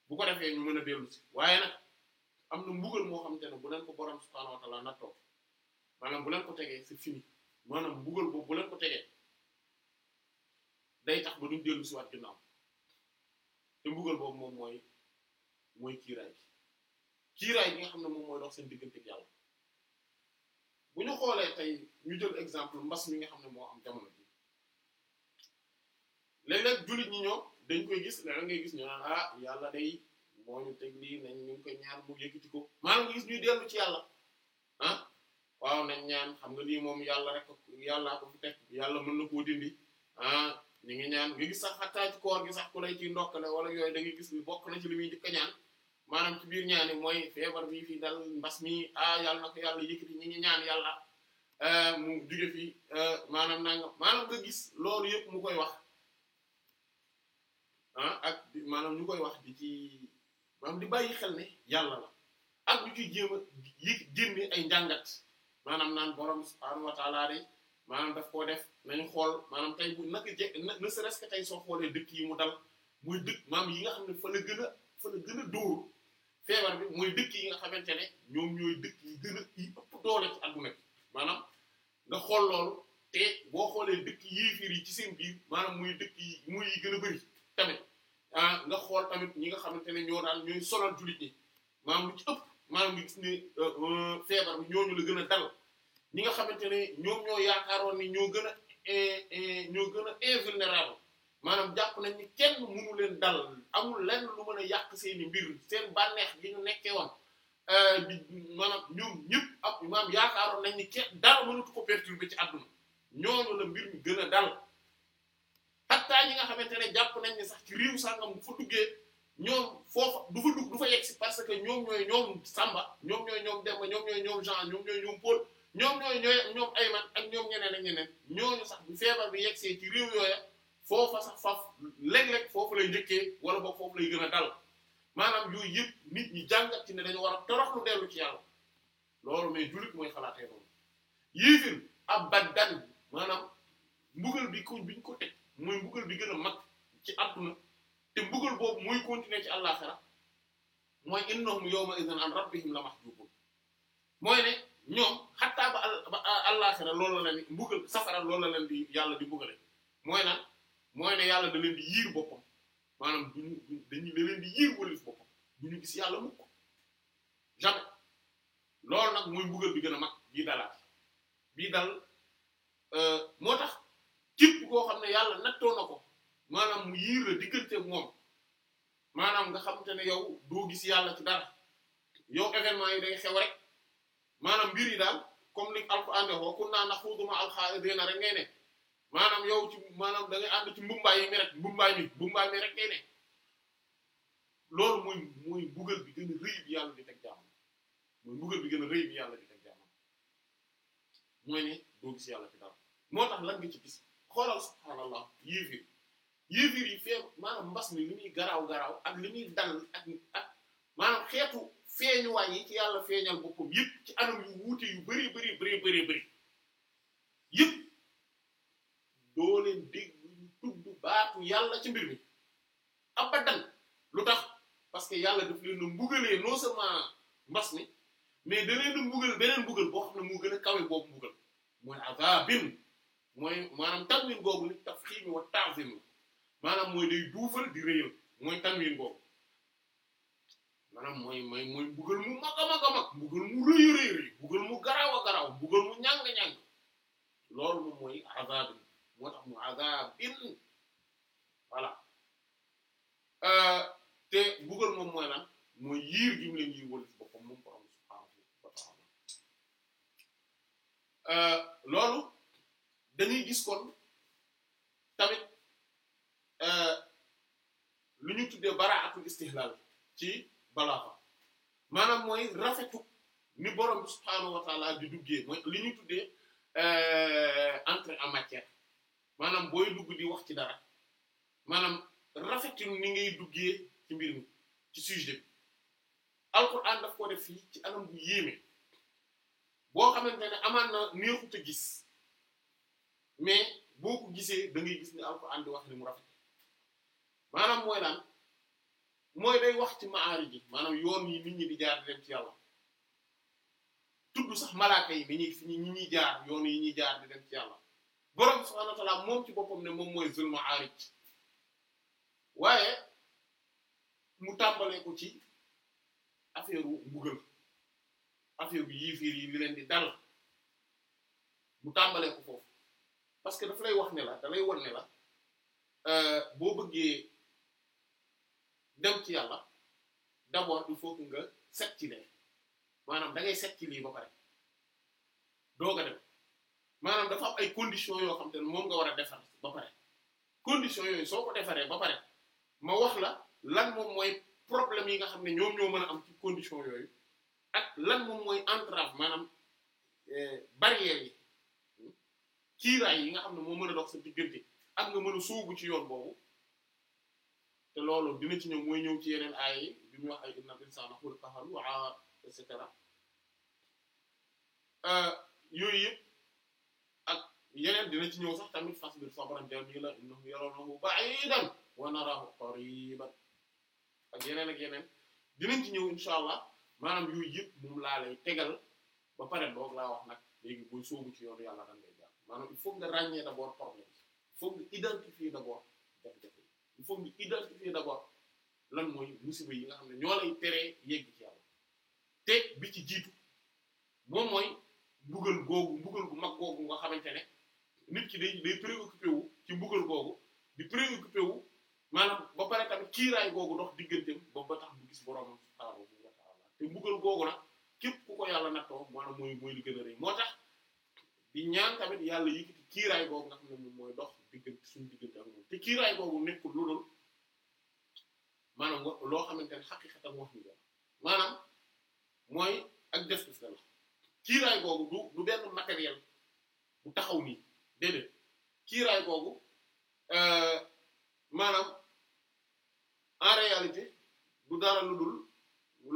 bu ko defee ñu mën a dellu si waaye nag am na mbugal moo xam nte ne bu leen ko borom subhaanahu wa ta'aala nattoo maanaam bu leen ko tegee c'est fini maanaam mbugal boobu bu leen ko tegee day duñ dellu si te mbugal boobu moom mooy mooy kiiraay gi kiiraay gi nga xam ne moom mooy dox seen diggante ak yàlla bu ñu xoolee tey ñu jël exemple mbas mi nga xam ne moo am jamono ji léeg-léeg jullit ñi ñoo dañ koy gis léeg ngay gis ñu naan ah, yàlla day moo ñu teg lii ñu ngi koy ñaan ko maanaam gis ñuy dellu ci yàlla ah, waaw nañ ñaan xam nga lii moom yàlla rek yàllaa ko fi teg yàlla mën na koo dindi ah ñu ngi ñaan nga gis sax xattaa ci koor gi sax ku lay ciy ndokkale wala yooyu da ngay gis ni bokk na ci li muy njëkk ñaan maanaam ci biir ñaani mooy feebar bi fii dal mbas mi ah yàlla na ko yàlla yëkkati ñi ñaan yàlla mu juge fi maanaam nanga maanaam gis loolu yëpp mu koy wax ah ak maanaam ñu koy wax di ci maanaam di bàyyi xel ne yàlla la ak ñu ciy jéem a yëg génne ay njàngat maanaam naan borom subhaanahu wa ta'ala de maanaam daf koo def nañu xool maanaam tey bu nag na ne serait-ce que soo xoolee dëkk yi mu dal muy dëkk maam yi nga xam ne fa la gën a fa la gën a dóor feebar bi mooy dëkk yi nga xamante ne ñoom ñooy dëkk yi gën a yi maanaam nga xool loolu te boo xoolee dëkk yéefir yi ci seen biir maanaam muy muy gën a bëri tamit ah nga xool tamit ñi nga xamante ne ñoo daal ñooy solal jullit ñi maanaam lu ci ëpp maanaam nga gis ne euh, euh, feebar bi ñooñu la gën a dal ñi nga xamante ne ñoom ñoo yaakaaroon ni ñoo gën a eh, eh, ñoo gën a invulnérable maanaam jàpp nañ ni kenn munu leen dal amul lenn lu mën a yàq seeni mbir seen bànneex gi ñu nekkee woon eh, maanaam ñoom ñëpp ak maanaam yaakaaroon nañ ni kenn dara mënatu ko perturber ci àdduna ñooñu la mbir mi gën a dal xattaa ñi nga xamante ne jàpp nañ ni sax ci riiw sàngam bu fa duggee ñoom foofa du fa dugg du fa yegg si parce que ñoom ñooy ñoom Samba ñoom ñooy ñoom Demba ñoom ñooy ñoom Jean ñoom ñooy ñoom Paul ñoom ñooy ñooy ñoom Ayman ak ñoom ñeneen ak ñeneen ñooñu sax bu feebar bi yegsee ci réew yooya foofa sax faf léeg-léeg foofu lay njëkkee wala boog foofu lay gën a dal maanaam yooyu yëpp nit ñi jàngat ci ne dañu war a toroxlu dellu ci yàlla loolu mais jullit mooy xalaatee loolu yéefir abadan maanaam mbugal bi ko biñ ko teg mooy mbugal bi gën a mag ci àdduna te mbugal boobu muy continuer ci àllaxira mooy innahum yawma idhin an rabbihim la mahjubun mooy ne ñoom xattaa ba ba àllaaxira loolu la leen mbugal safara loolu la leen di yàlla di mbugale mooy na mooy ne yàlla da leen di yiir boppam maanaam duñu dañuy da leen di yiir wëlif boppam duñu gis yàlla mukk jamais loolu nag mooy mbugal bi gën a mag bii dalaat bii dal euh, moo tax képp koo xam ne yàlla nattoo na ko maanaam mu yiir la diggante moom maanaam nga xam te ne yow doo gis yàlla ci dara yow événement yi day xew rek maanaam mbir yi daal comme li alquran de woo kunna naxuudu ma'al xaa'idiina rek ngay ne maanaam yow ci maanaam da ngay ànd ci mbumbaay yi mi rek mbumbaay mi mbumbaay mi rek ngay ne loolu muy muy mbugal bi gën a rëy bi yàlla di teg jaamam muy mbugal bi gën a rëy bi yàlla di teg jaamam mooy ne doo gis yàlla ci dara moo tax lan nga ci gis xoolal subhaanallah yéefir yéefir yi feeb maanaam mbas mi li muy garaaw garaaw ak li muy dal ak maanaam xeetu feeñuwaay yi ci yàlla feeñal boppam yëpp ci anam yu wuute yu bëree bari bari bari bari yëpp doo dégg ñu baatu yàlla ci mbir mi abadan lu tax parce que yàlla daf leen a mbugalee non seulement mbas mi mais da leen a mbugal beneen mbugal boo xam ne moo gën a kawe boobu mbugal mooy azabin mooy maanaam tanwin googu ni tafxiim wa ta'zim maanaam mooy day duufal di réyal mooy tanwin googu mana mooy mooy mooy mu mag a mag a mu rëy rëy rëy mbugal mu garaaw a garaaw mu ñàng-ñàng loolu moom mooy azab moo tax mu azabin voilà euh, te mbugal moom mooy lan mooy yiir gi mu leen yiir wala boppam moom borom subhaanahu wa euh, loolu dañuy gis kon tamit euh, lu ñu tuddee baraatul istihlal ci balaa fa maanaam mooy rafetu ni borom subhaanahu wa taala di duggee mooy li ñu tuddee euh, entrée en matière maanaam booy dugg di wax ci dara maanaam rafetu ni ngay duggee ci mbir mi ci sujet bi alquran daf ko def ci anam bu yéeme boo xamante ne amaan na neexut a gis mais boo ko gisee da ngay gis ne alquran di wax ni mu rafet maanaam mooy lan mooy day wax ci maarij ji maanaam yoon yi nit ñi di jaar di dem ci yàlla tudd sax malaaka yi bi ñuy fi ñi jaar yoon yi ñuy jaar di dem ci yàlla borom subhaanahu wa moom ci boppam ne moom mooy zul maarij waaye mu tàmbalee ko ci affaire u mbugal affaire bi yiifiir yi leen di dal mu tàmbalee ko foofu parce que daf lay wax ne la da lay won ne la euh, boo bëggee dem ci yàlla d'abord il faut nga set ci lee maanaam da ngay set ci lii ba pare doog a dem maanaam dafa am ay conditions yoo xam te ne moom nga war a defar ba pare conditions yooyu soo ko defaree ba pare ma wax la lan moom mooy problème yi nga xam ne ñoom ñoo mën a am ci condition yooyu ak lan moom mooy entrave maanaam eh, barrière yi hmm, kiiraay yi nga xam ne moo mën a dox sa diggante ak nga mën a sóobu ci yoon boobu te loolu dina ci ñëw mooy ñëw ci yeneen aay yi bi wax ay inna al-insaana xuliqa haluu'an et cetera euh, yooyu yëpp ak yeneen dina ci ñëw sax tamit fasbir sabran jamiilan innahum yarawnahu ba'iidan wa naraahu qariiban ak yeneen ak yeneen dinañ ci ñëw incha allah maanaam yooyu yëpp moom laa lay tegal ba pare boog laa wax nag léegi booy sóobu ci yoonu yàlla dan ngay jaar maanaam il faut nga ràññee d'abord problème il nga identifier d'abord il faut ñu identifier d'abord lan mooy musiba yi nga xam ne ñoo lay teree yegg ci yàlla te bi ci jiitu moom mooy mbugal googu mbugal gu mag googu nga xamante ne nit ki day day préoccupé wu ci mbugal googu di préoccupé wu maanaam ba pare tamit kiiraay googu ndox digganteem ba ba tax bu gis boroomam subhaanahu wa ta'ala googu nag képp ku ko yàlla nattoo maanaam mooy mooy li gën a moo tax di ñaan tamit yàlla yëkkati kiiraay googu nga xam ne moom mooy dox diggante suñu diggante ak moom te kiiraay boobu nekkul lu dul maanaam loo xamante ne xaqiqatan wax ñu ko maanaam mooy ak des gis la la kiiraay googu du du benn matériel bu taxaw nii déedéet kiiraay googu euh, maanaam en réalité du dara lu dul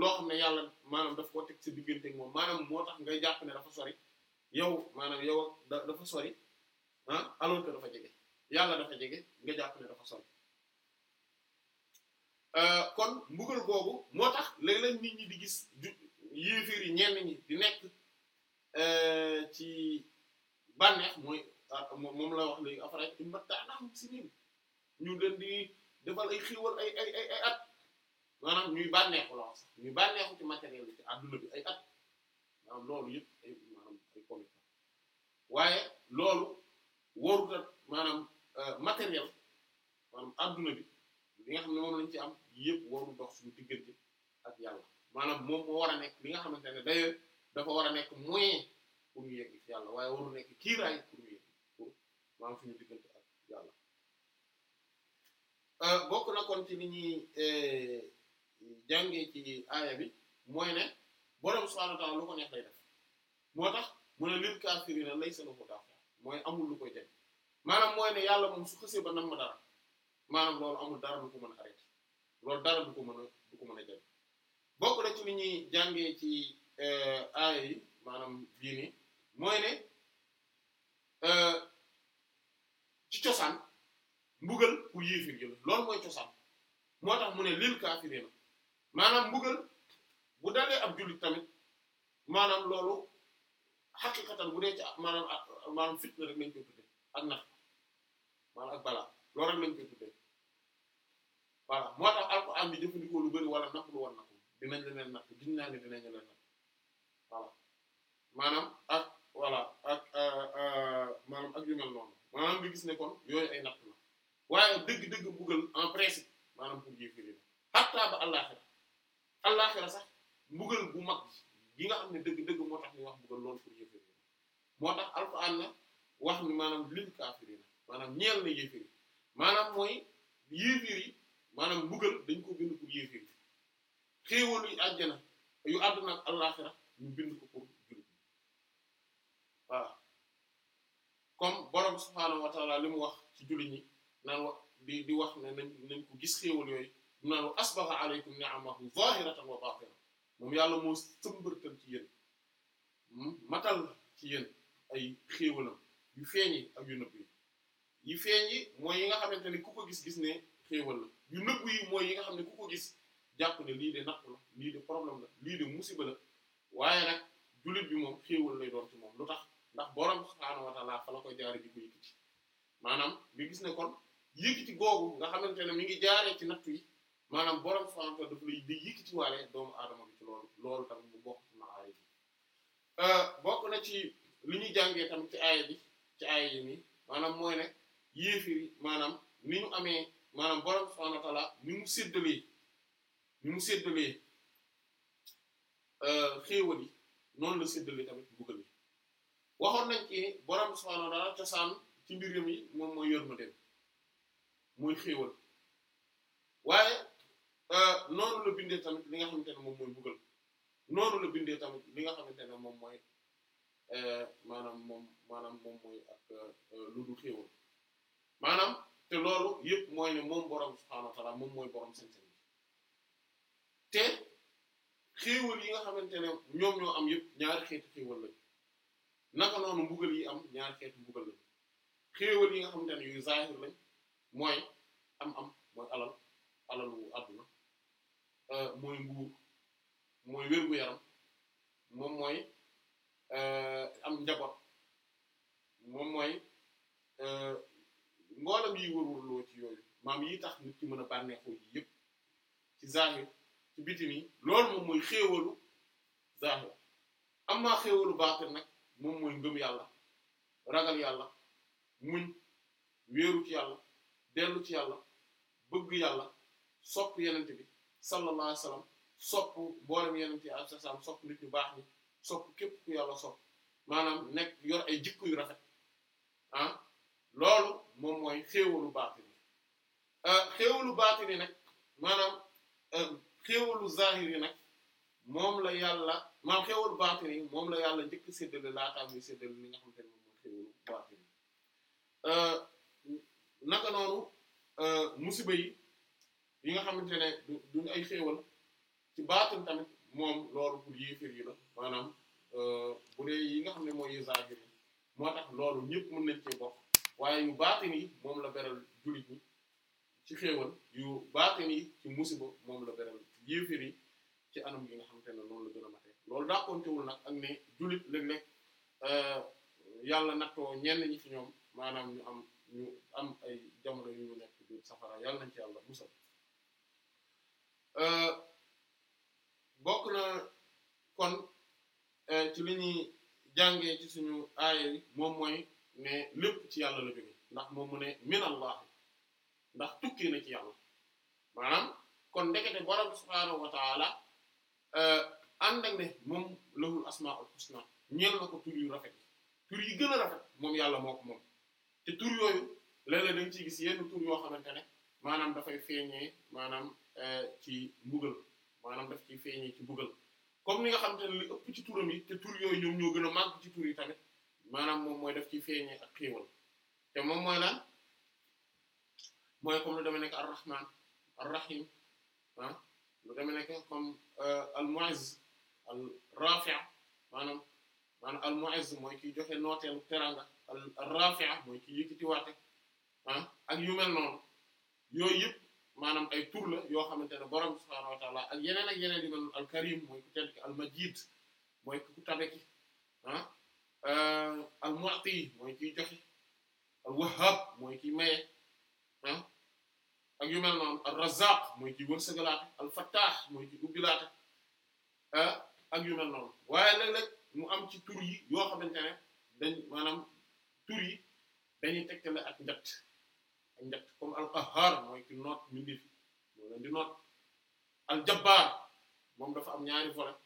loo xam ne yàlla maanaam daf koo teg sa diggante moom maanaam moo tax ngay jàpp ne dafa sori yow maanaam yow dafa sori ah alors dafa jege yàlla dafa jege nga jàpp ne dafa sol euh, kon mbugal googu moo tax léeg-léeg nit ñi di gis ju yéeféer yi ñenn ñi di nekk euh, ci bànneex mooy ah, moom la wax léegi après imbattaanahum sinin ñu leen di defal ay xiiwal ay ay at maanaam ñuy bànneexu la wax sax ñuy bànneexu ci matériel bi ci àdduna bi ay at maanaam loolu yëpp ay maanaam ay comité waaye loolu waruta maanaam Euh, matériel maanaam adduna bi li nga xam ne moom lañ ci am yëpp warul dox suñu diggante ak yàlla maanaam moom moo war a nekk li nga xamante ne d'ailleurs dafa war a nekk moyen pour yegg ci yàlla waaye warul nekk kiiraay pour ñu yegg pour maanaam suñu diggante ak yàlla euh, bokk na kon ci li ñuy euh, jàngee ci aaya bi mooy ne borom subhaanahu wa ta'aala lu ko neex lay def moo tax mu ne lil kaafiriina laysa lahu daafi' mooy amul lu koy def maanaam mooy ne yàlla moom su xasee ba nam ma dara maanaam loolu amul dara du ko mën a arrêté loolu dara du ko mën a ko mën a jël bokk na ci li ñuy jàngee ci euh, aaya yi maanaam bii nii mooy ne euh, ci cosaan mbugal pour yéefir yi loolu mooy cosaan moo tax mu ne lil kaafiriina maanaam mbugal bu dalee ab jullit tamit maanaam loolu xaqiqatan bu dee ci maanaam maanaam fitna rek lañ ko tudde ak nax maanaam ak balaa loolu rek lañ koy tuddee voilà moo tax alxuraan bi lu bëri wala natt lu war natt dinañ la leen naa ne dinañ la leen voilà maanaam ak voilà ak euh, euh, maanaam ak yu noonu maanaam nga gis ne kon yooyu ay napp la waaye dëgg-dëgg mbugal en principe maanaam pour yéefar yi xattaa ba àllaaxira àllaaxira sax mbugal bu mag gi nga xam ne dëgg-dëgg moo tax ñu wax mbugal loolu pour yéefar yi moo tax alxuraan la wax ni maanaam lil kaafiriina maanaam ñeel na yéefir yi mooy yéefir yi maanaam dañ ko bind pour yéefir yi xéewalu àjjana yu àdduna ak àllaaxira ñu bind ko pour jullit voilà comme borom subhaanahu wa taala li mu wax ci jullit ñi naan wax di di wax ne nañ nañ ko gis xéewal yooyu du naan wa asbaha aleykum ni'amahu zahiratan wa baatinan moom yàlla moo sëmbërtal ci yéen hmm? matal ci yéen ay xéewalam yu feeñi ak yu yi feeñ yi mooy yi nga xamante ku ko gis gis ne xéewal la yu nëbbu yi mooy yi nga xam ne ku ko gis jàpp ne lii de nattu la lii de problème la lii de musiba la waaye nag jullit bi moom xéewal lay doon ci moom lu tax ndax borom subhaanahu wa ta'aala fa la koy jaare di ko yëkkati maanaam bi gis ne kon yëkkati googu nga xamante ne mi ngi jaaree ci nattu yi maanaam borom subhaanahu wa ta'aala daf lay di yëkkati waale doomu aadama bi ci loolu loolu tamit bu bokk ci euh, bokk na ci li ñuy jàngee tamit ci aaya ci aaya yi yéefir maanaam ni ñu amee maanaam borom subhaanahu wa ta'ala ni mu séddalee ni mu séddalee euh, xéewal yi noonu la séddalee tamit mbugal yi waxoon nañ ci borom subhaanahu cosaan ci mbiram yi moom mooy yor ma dem mooy xéewal waaye euh, noonu la bindee tamit li nga xamante ne moom mooy mbugal tamit li nga xamante ne moom mooy euh, maanaam moom maanaam moom mooy ak lu dul xéewal maanaam te loolu yëpp mooy ne moom borom subhaanahu wa ta'aala moom mooy borom sañ-sañ te xéewal yi nga xamante ne ñoom ñoo am yëpp ñaari xeetu xéewal lañ naka noonu mbugal yi am ñaari xeetu mbugal yi nga xamante ne yu zaahir lañ mooy am-am mooy alal alalu àdduna euh, mooy nguur mooy wér gu yaram moom mooy euh, am njaboot moom mooy. Euh, mboolam yi wër ci yooyu maam yi tax nit ci mën a bànneexoo yi yëpp ci zahir ci biti nii loolu moom mooy xéewalu zahir am naa xéewalu baatin nag moom mooy ngëm yàlla ragal yàlla muñ wéeru ci yàlla dellu ci yàlla bëgg yàlla sopp yenente bi sallallahu alayhi wa sallam sopp mboolem yenente yi sa sallam sopp nit ñu baax ni sopp képp ku yàlla sopp maanaam nekk yor ay jikko yu rafet ah, loolu moom mooy xéewalu baatini euh, xéewalu baatini nag maanaam euh, xéewalu yi nag moom la yàlla maanaam xéewalu yi moom la yàlla njëkk séddale laataa muy séddale li nga xam ne moom mooy xéewalu baatini euh, naka noonu musiba yi nga xamante ne du ci baatin tamit moom loolu pour yéefér yi la maanaam bu dee yi nga xam ne mooy zahiri moo tax loolu ñëpp mën nañ cee waaye yu baatin moom la beral jullit ñi ci xéewal yu baatin ci musiba moom la beral yéefir ci anam yi nga xamante ne noonu la gën a mate loolu daa kontewul nag ak ne jullit léeg-léeg euh, yàlla nattoo ñenn ñi ci ñoom maanaam ñu am ñu am ay jamono yu ñu nekk biir safara yàlla nañ ci yàlla musal euh, bokk na kon euh, ci li ñuy jàngee ci suñu aaya moom mooy mais lépp ci yàlla la jóge ndax moom mu ne min allah ndax tukkee na ci yàlla maanaam kon ndekete borom subhaanahu wa taala euh, ànd ak ne moom lahul asmaul husna ñeel na ko tur yu rafet tur yi gën a rafet moom yàlla moo ko moom te tur yooyu léeg-léeg dañ ciy gis yenn tur yoo xamante ne maanaam dafay feeñee maanaam euh, ci mbugal maanaam daf ciy feeñee ci mbugal comme ni nga xamante ne li ëpp ci turam yi te tur yooyu ñoom ñoo gën a màgg ci tur yi tamit maanaam moom mooy def ci feeñee ak xéewal te moom mooy lan mooy comme lu deme nekk ar-Rahman ar-Rahim ah lu deme nekk comme euh, al-Mu'izz al-Rafi' maanaam maanaam al-Mu'izz mooy kiy joxe nooteelu teranga al-Rafi' mooy ki yëkkatiwaate ah ak yu mel noonu yooyu yëpp ay tur la yoo xamante ne borom subhaanahu wa ta'ala ak yeneen ak yeneen yu mel noonu al-Karim mooy ki al-Majid mooy ku tabe ah, Euh, al mu'ti mooy kiy joxe al wahhab mooy ki maye ah, ak yu mel noonu al razzaq mooy kiy wërsëgalaate al fattah mooy kiy ubbilaate ah, ak yu mel noonu waaye léeg-léeg mu am ci tur yi yoo xamante ne dañ maanaam tur yi dañuy tegtale ak njat ak njat comme al qahhar mooy ki noot mbindeef moo leen di noot al jabbaar moom dafa am ñaari volet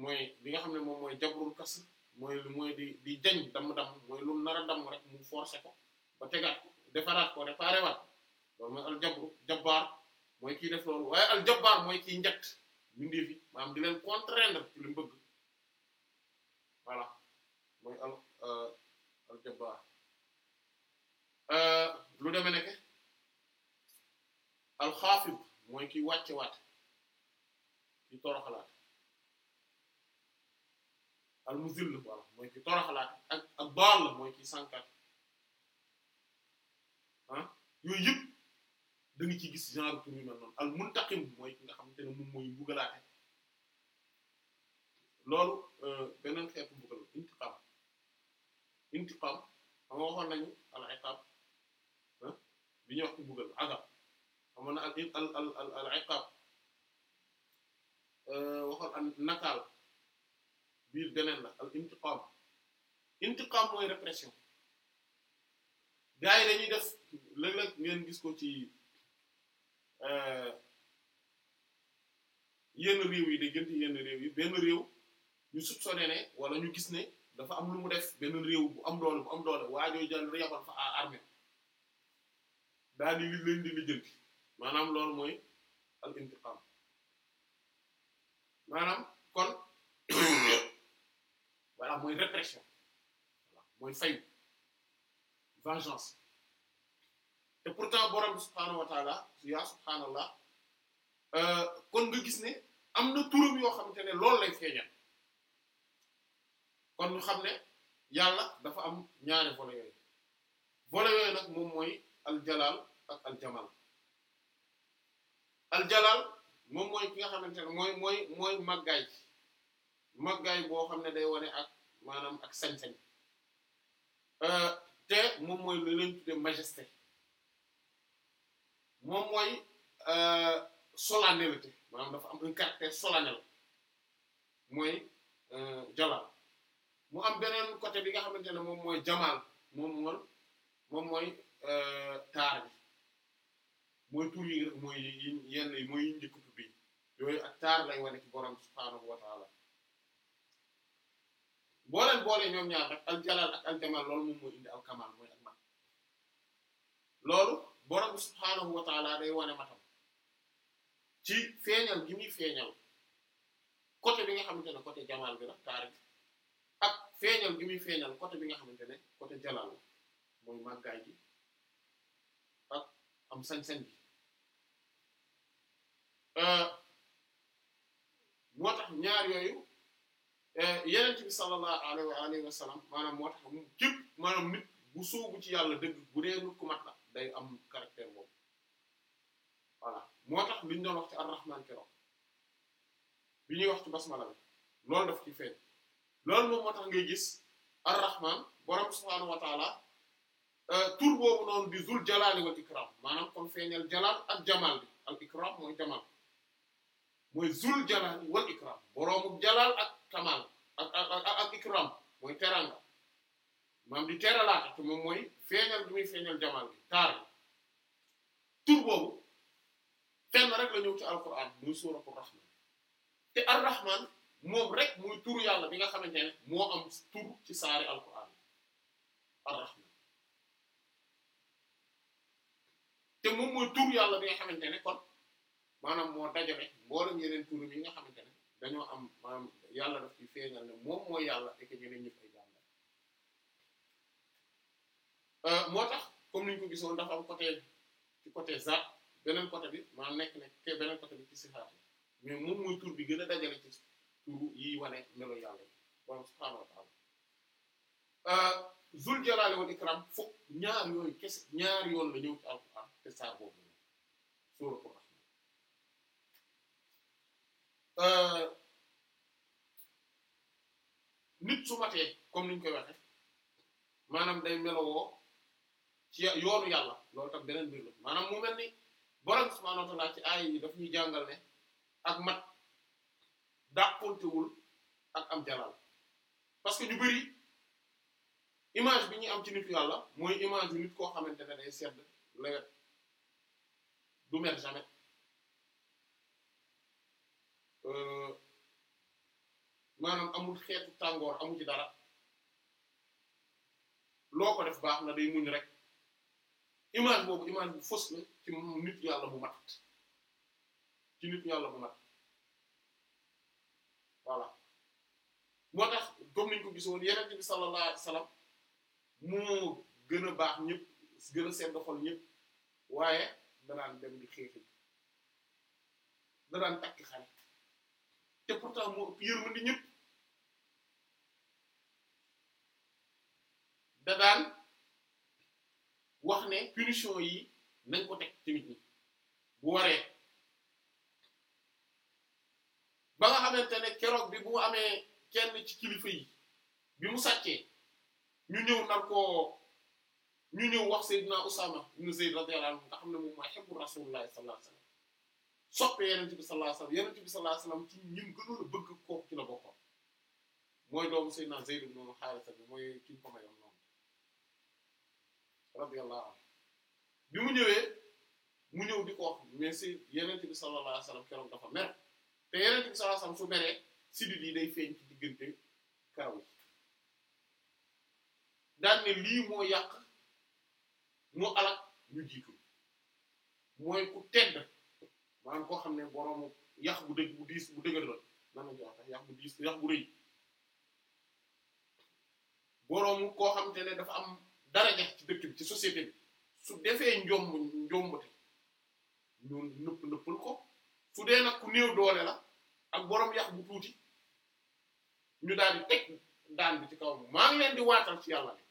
mooy li nga xam ne moom mooy jabrul kas mooy mooy di di jañ damm-damm mooy lu nar a damm rek mu forcé ko ba tegaat ko defaraat ko réparé waat loolu mooy aljabru jabbaar mooy kii def loolu waaye aljabbaar mooy kii njett bindee di leen contraindre ci li mu bëgg voilà mooy al euh, aljabbaar euh, lu demee nekk alxaafid mooy kii wàcce waat kii toroxalaat al muzil wala mooy ki toroxalaat ak ak baal mooy ki sànkat yooyu yëpp da nga ciy gis genre tur yu mel noonu al muntaqim mooy ki nga xamante ne moom mooy mbugalaate loolu euh, beneen xeetu mbugal intiqam intiqam xam nga waxoon nañu al iqab ah bi ñuy wax ko mbugal agab xamoon na al al al al iqab euh, waxoon an nakaal biir deneen la al intiqam intiqam mooy répression gars yi dañuy def léeg-léeg ngeen gis ko ci euh, yenn réew yi day gënti yenn réew yi benn réew ñu soupçonné ne wala ñu gis ne dafa am lu mu def benn réew bu am doole bu am doole waa jooy jàll yabal fa armée daal di li leen di lijjanti maanaam lool mooy al intiqam maanaam kon voilà mooy répression voilà mooy fayu vengeance te pourtant borom bi subhaanahu wa taala yaa euh, kon nga gis ne am na turam yoo xamante ne loolu lay feeñal kon ñu xam ne yàlla dafa am ñaari volet yooyu volet yooyu nag moom mooy aljalaal ak aljamal aljalaal moom mooy ki nga xamante ne mooy mooy mooy màggaay màggaay boo xam ne day wane ak maanaam ak sañ-sañ euh, te moom mooy li lañ tudde majesté moom mooy euh, solennité maanaam dafa am un caractère solennel mooy euh, jalal mu am beneen côté bi nga xamante ne moom mooy jamal moom mooy taar bi mooy tur yi mooy yenn yi mooy njëkk tudd yooyu ak taar lay wane ci borom subhaanahu wa boo leen boolee ñoom ñaar rek al ak al loolu moom mooy indi al mooy ak mat loolu borom bi subhaanahu wa taala day wane matam ci feeñal gi muy feeñal côté bi nga xamante ne côté jamal bi la taarif ak feeñal côté bi nga xamante ne côté jalal la mooy màggaay gi ak am sañ-sañ bi euh, moo tax ñaar yooyu Eh, yeneen bi sallallahu alayhi wa alihi wa sallam maanaam moo tax mu képp maanaam nit bu sóobu ci yàlla dëgg bu dee nit ku mat la day am caractère boobu voilà moo tax li doon wax ci ar-rahman keroog bi ñuy wax ci basmala bi loolu daf ci feeñ loolu moom moo tax ngay gis ar-rahman borom subhaanahu wa taala eh, tur boobu noonu di zul jalaali wal ikram maanaam kon feeñal jalaal ak jamaal bi al mooy jamaal mooy zul jalaali wal ikram boroomu jalaal ak. kamal ak ak ak ikram mooy teranga maam di teralaata te moom mooy feeñal bi feeñal jamal bi taar bi tur boobu fenn rek la ñëw ci alquran muy suuratul rahman te arrahman moom rek muy turu yàlla bi nga xamante ne moo am tur ci saari alquran arrahman te moom mooy tur yàlla bi nga xamante ne kon maanaam moo dajale mboolem yeneen tur yi nga xamante ne dañoo am maanaam yàlla daf ci feeñal ne moom moo yàlla et que ñeneen ñëpp ay jàmm moo tax comme ni ñu ko gisoon ndax am côté ci côté zat beneen côté bi maa nekk nekk te beneen côté bi ci sifaat mais moom mooy tur bi gën a dajale ci turu yiy wane melo yàlla yi borom subhaanahu wa taala euh, zul jalaali wal ikram fokk ñaar yooyu kese ñaar yoon la ñëw ci alquran te saar boobu la sóoratul Euh, nit su matee comme niñ koy waxe maanaam day melowoo ci yoonu yàlla loolu tam beneen mbir maanaam mu mel ni borom subhanahu wa ta'ala ci aay yi daf ñuy jàngal ne ak mat dàqontewul ak am jalaal parce que ñu bari image bi ñuy am ci nitu yàlla mooy image yu nit koo xamante ne day sedd lewet du mer Euh, maanaam amul xeetu tàngoor amul ci dara loo ko def baax na day muñ rek image boobu imaan bu fës la ci nit yàlla bu mat ci nit yàlla bu mat voilà moo tax comme ko gisoon yeneen bi sallallahu alayhi wasallam moo gën a baax ñëpp gën a sedd xol ñëpp waaye danaan dem di xeexi danaan takki xare te pourtant moo ëpp yërmande ñëpp da daan wax ne punition yi nañ ko teg tamit ñi bu waree ba nga xamante ne keroog bi bu amee kenn ci kilifa yi bi mu sàccee ñu ñëw nar koo ñu ñëw wax Seydina Usama ibn Zayd radiyallahu anhu nga xam ne moom mooy xebu Rasulullah sallallahu alayhi wasallam soppe yenent bi sallallahu alayhi wa sallam yenent bi sallallahu alayhi ci ñun gënoon bëgg kooku ci la bokkoon mooy doomu Seydina Zayd ibn Haarisa mooy ci ñu ko noonu radiyallahu bi mu ñëwee mu ñëw di ko wax mais si yenent bi sallallahu alayhi wa keroog dafa mer te yenent bi sallallahu alayhi wa sallam su meree sidit yi day feeñ ci diggante karaw daan ne lii moo yàq mu alak ñu jiitu mooy ku tedd maanaam koo xam ne boroomu yàq bu dëgg bu diis bu dëgër la nan la ñuy bu diis yàq bu rëy koo xam ne dafa am daraja ci dëkk ci société su defee njomb njombte nëpp nëppal ko su dee nag ku néew doole la ak boroom yàq bu tuuti ñu daal di bi ci kaw maa ngi leen di waatal ci yàlla bi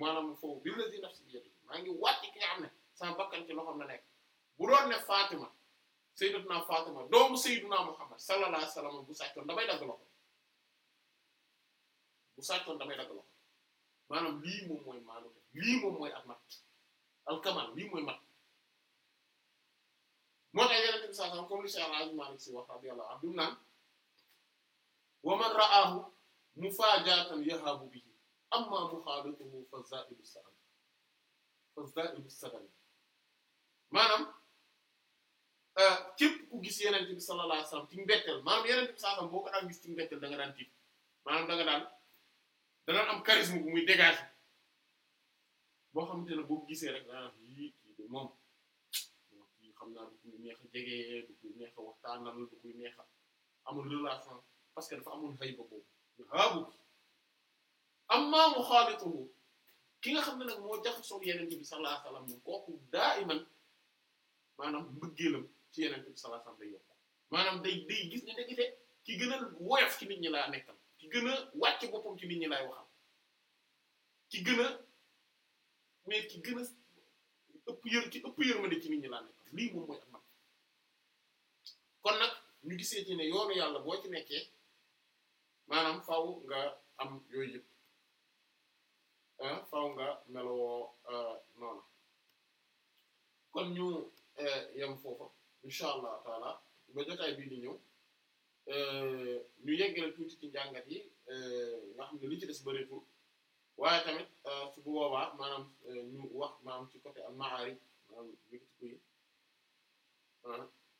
maanaam foofu bi la di naf si biir maa ngi waat ci ki nga ne sama bakkan ci loxom la nekk bu doon ne Fatima. sayyidatuna Fatima doomu sayyiduna Muhammad sallallahu alayhi wasallam bu sàccoon damay dagg loxo bu sàccoon damay dagg loxo maanaam lii moom mooy maanu lii moom mooy ak mat alkamal lii mooy mat moo tax yeneen bi sallallahu alayhi wasallam comme li Cheikh Al-Hadj Malick wax radiyallahu anhu bi maanaam Euh, képp ku gis yeneen bi sallallahu alayhi wasallam ci mbetteel maanaam yeneen bi sallallahu boo ko daan gis ci mbetteel da nga daan tiit maanaam da nga daan dana am charisme bu muy dégager boo xamante ne boo gisee rek dana ah, yii kii de moom moom kii xam naa du kuy neex a jege du kuy neex a waxtaanal du kuy neex a amul relation parce que dafa amul xëy ba boobu haabu bi amma muxaalituhu ki nga xam ne nag moo jaxasoo yeneen bi sallallahu alayhi wasallam moom kooku daa iman maanaam mbëggeelam ci yeneen bi sallallahu alayhi wasallam day yokk maanaam day day gis ne ndekete ki gën a woyof ci nit ñi laa nekkal ki gën a wàcc boppam ci nit ñi laay waxal gën a mais ki gën a ëpp ci ëpp yërmande ci nit ñi laa nekkal lii moom mooy ak man kon nag ñu gisee ci ne yoonu yàlla boo ci nekkee maanaam faw nga am yooyu yëpp ah, faaw nga meloo ah, noonu kon ñu eh, yem foofa incha allah taala ba jotaay bii di ñëw euh, ñu yeggale tuuti ci njàngat yi euh, nga xam ne li ci des bëreetul waaye tamit euh, su bu boobaa maanaam ñu wax maanaam ci côté al maarij maanaam yi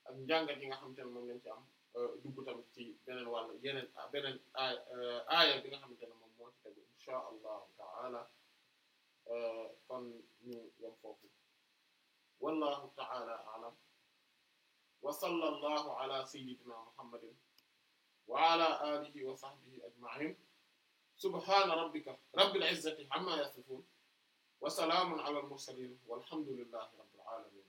ah, njàngat yi nga xamante ne moom lañ ci am dugg tamit ci beneen wàll yeneen beneen bi nga xamante ne moom moo ci tegu incha allahu taala kon ñu yem foofu wallahu taala alam wa sallallahu ala sayyidina muhammadin wa ala alihi wa sahbihi ajma'in subhana rabbika rabbil izzati amma yasifun wa salaamun ala al mursalin walhamdulillahi rabbil alamin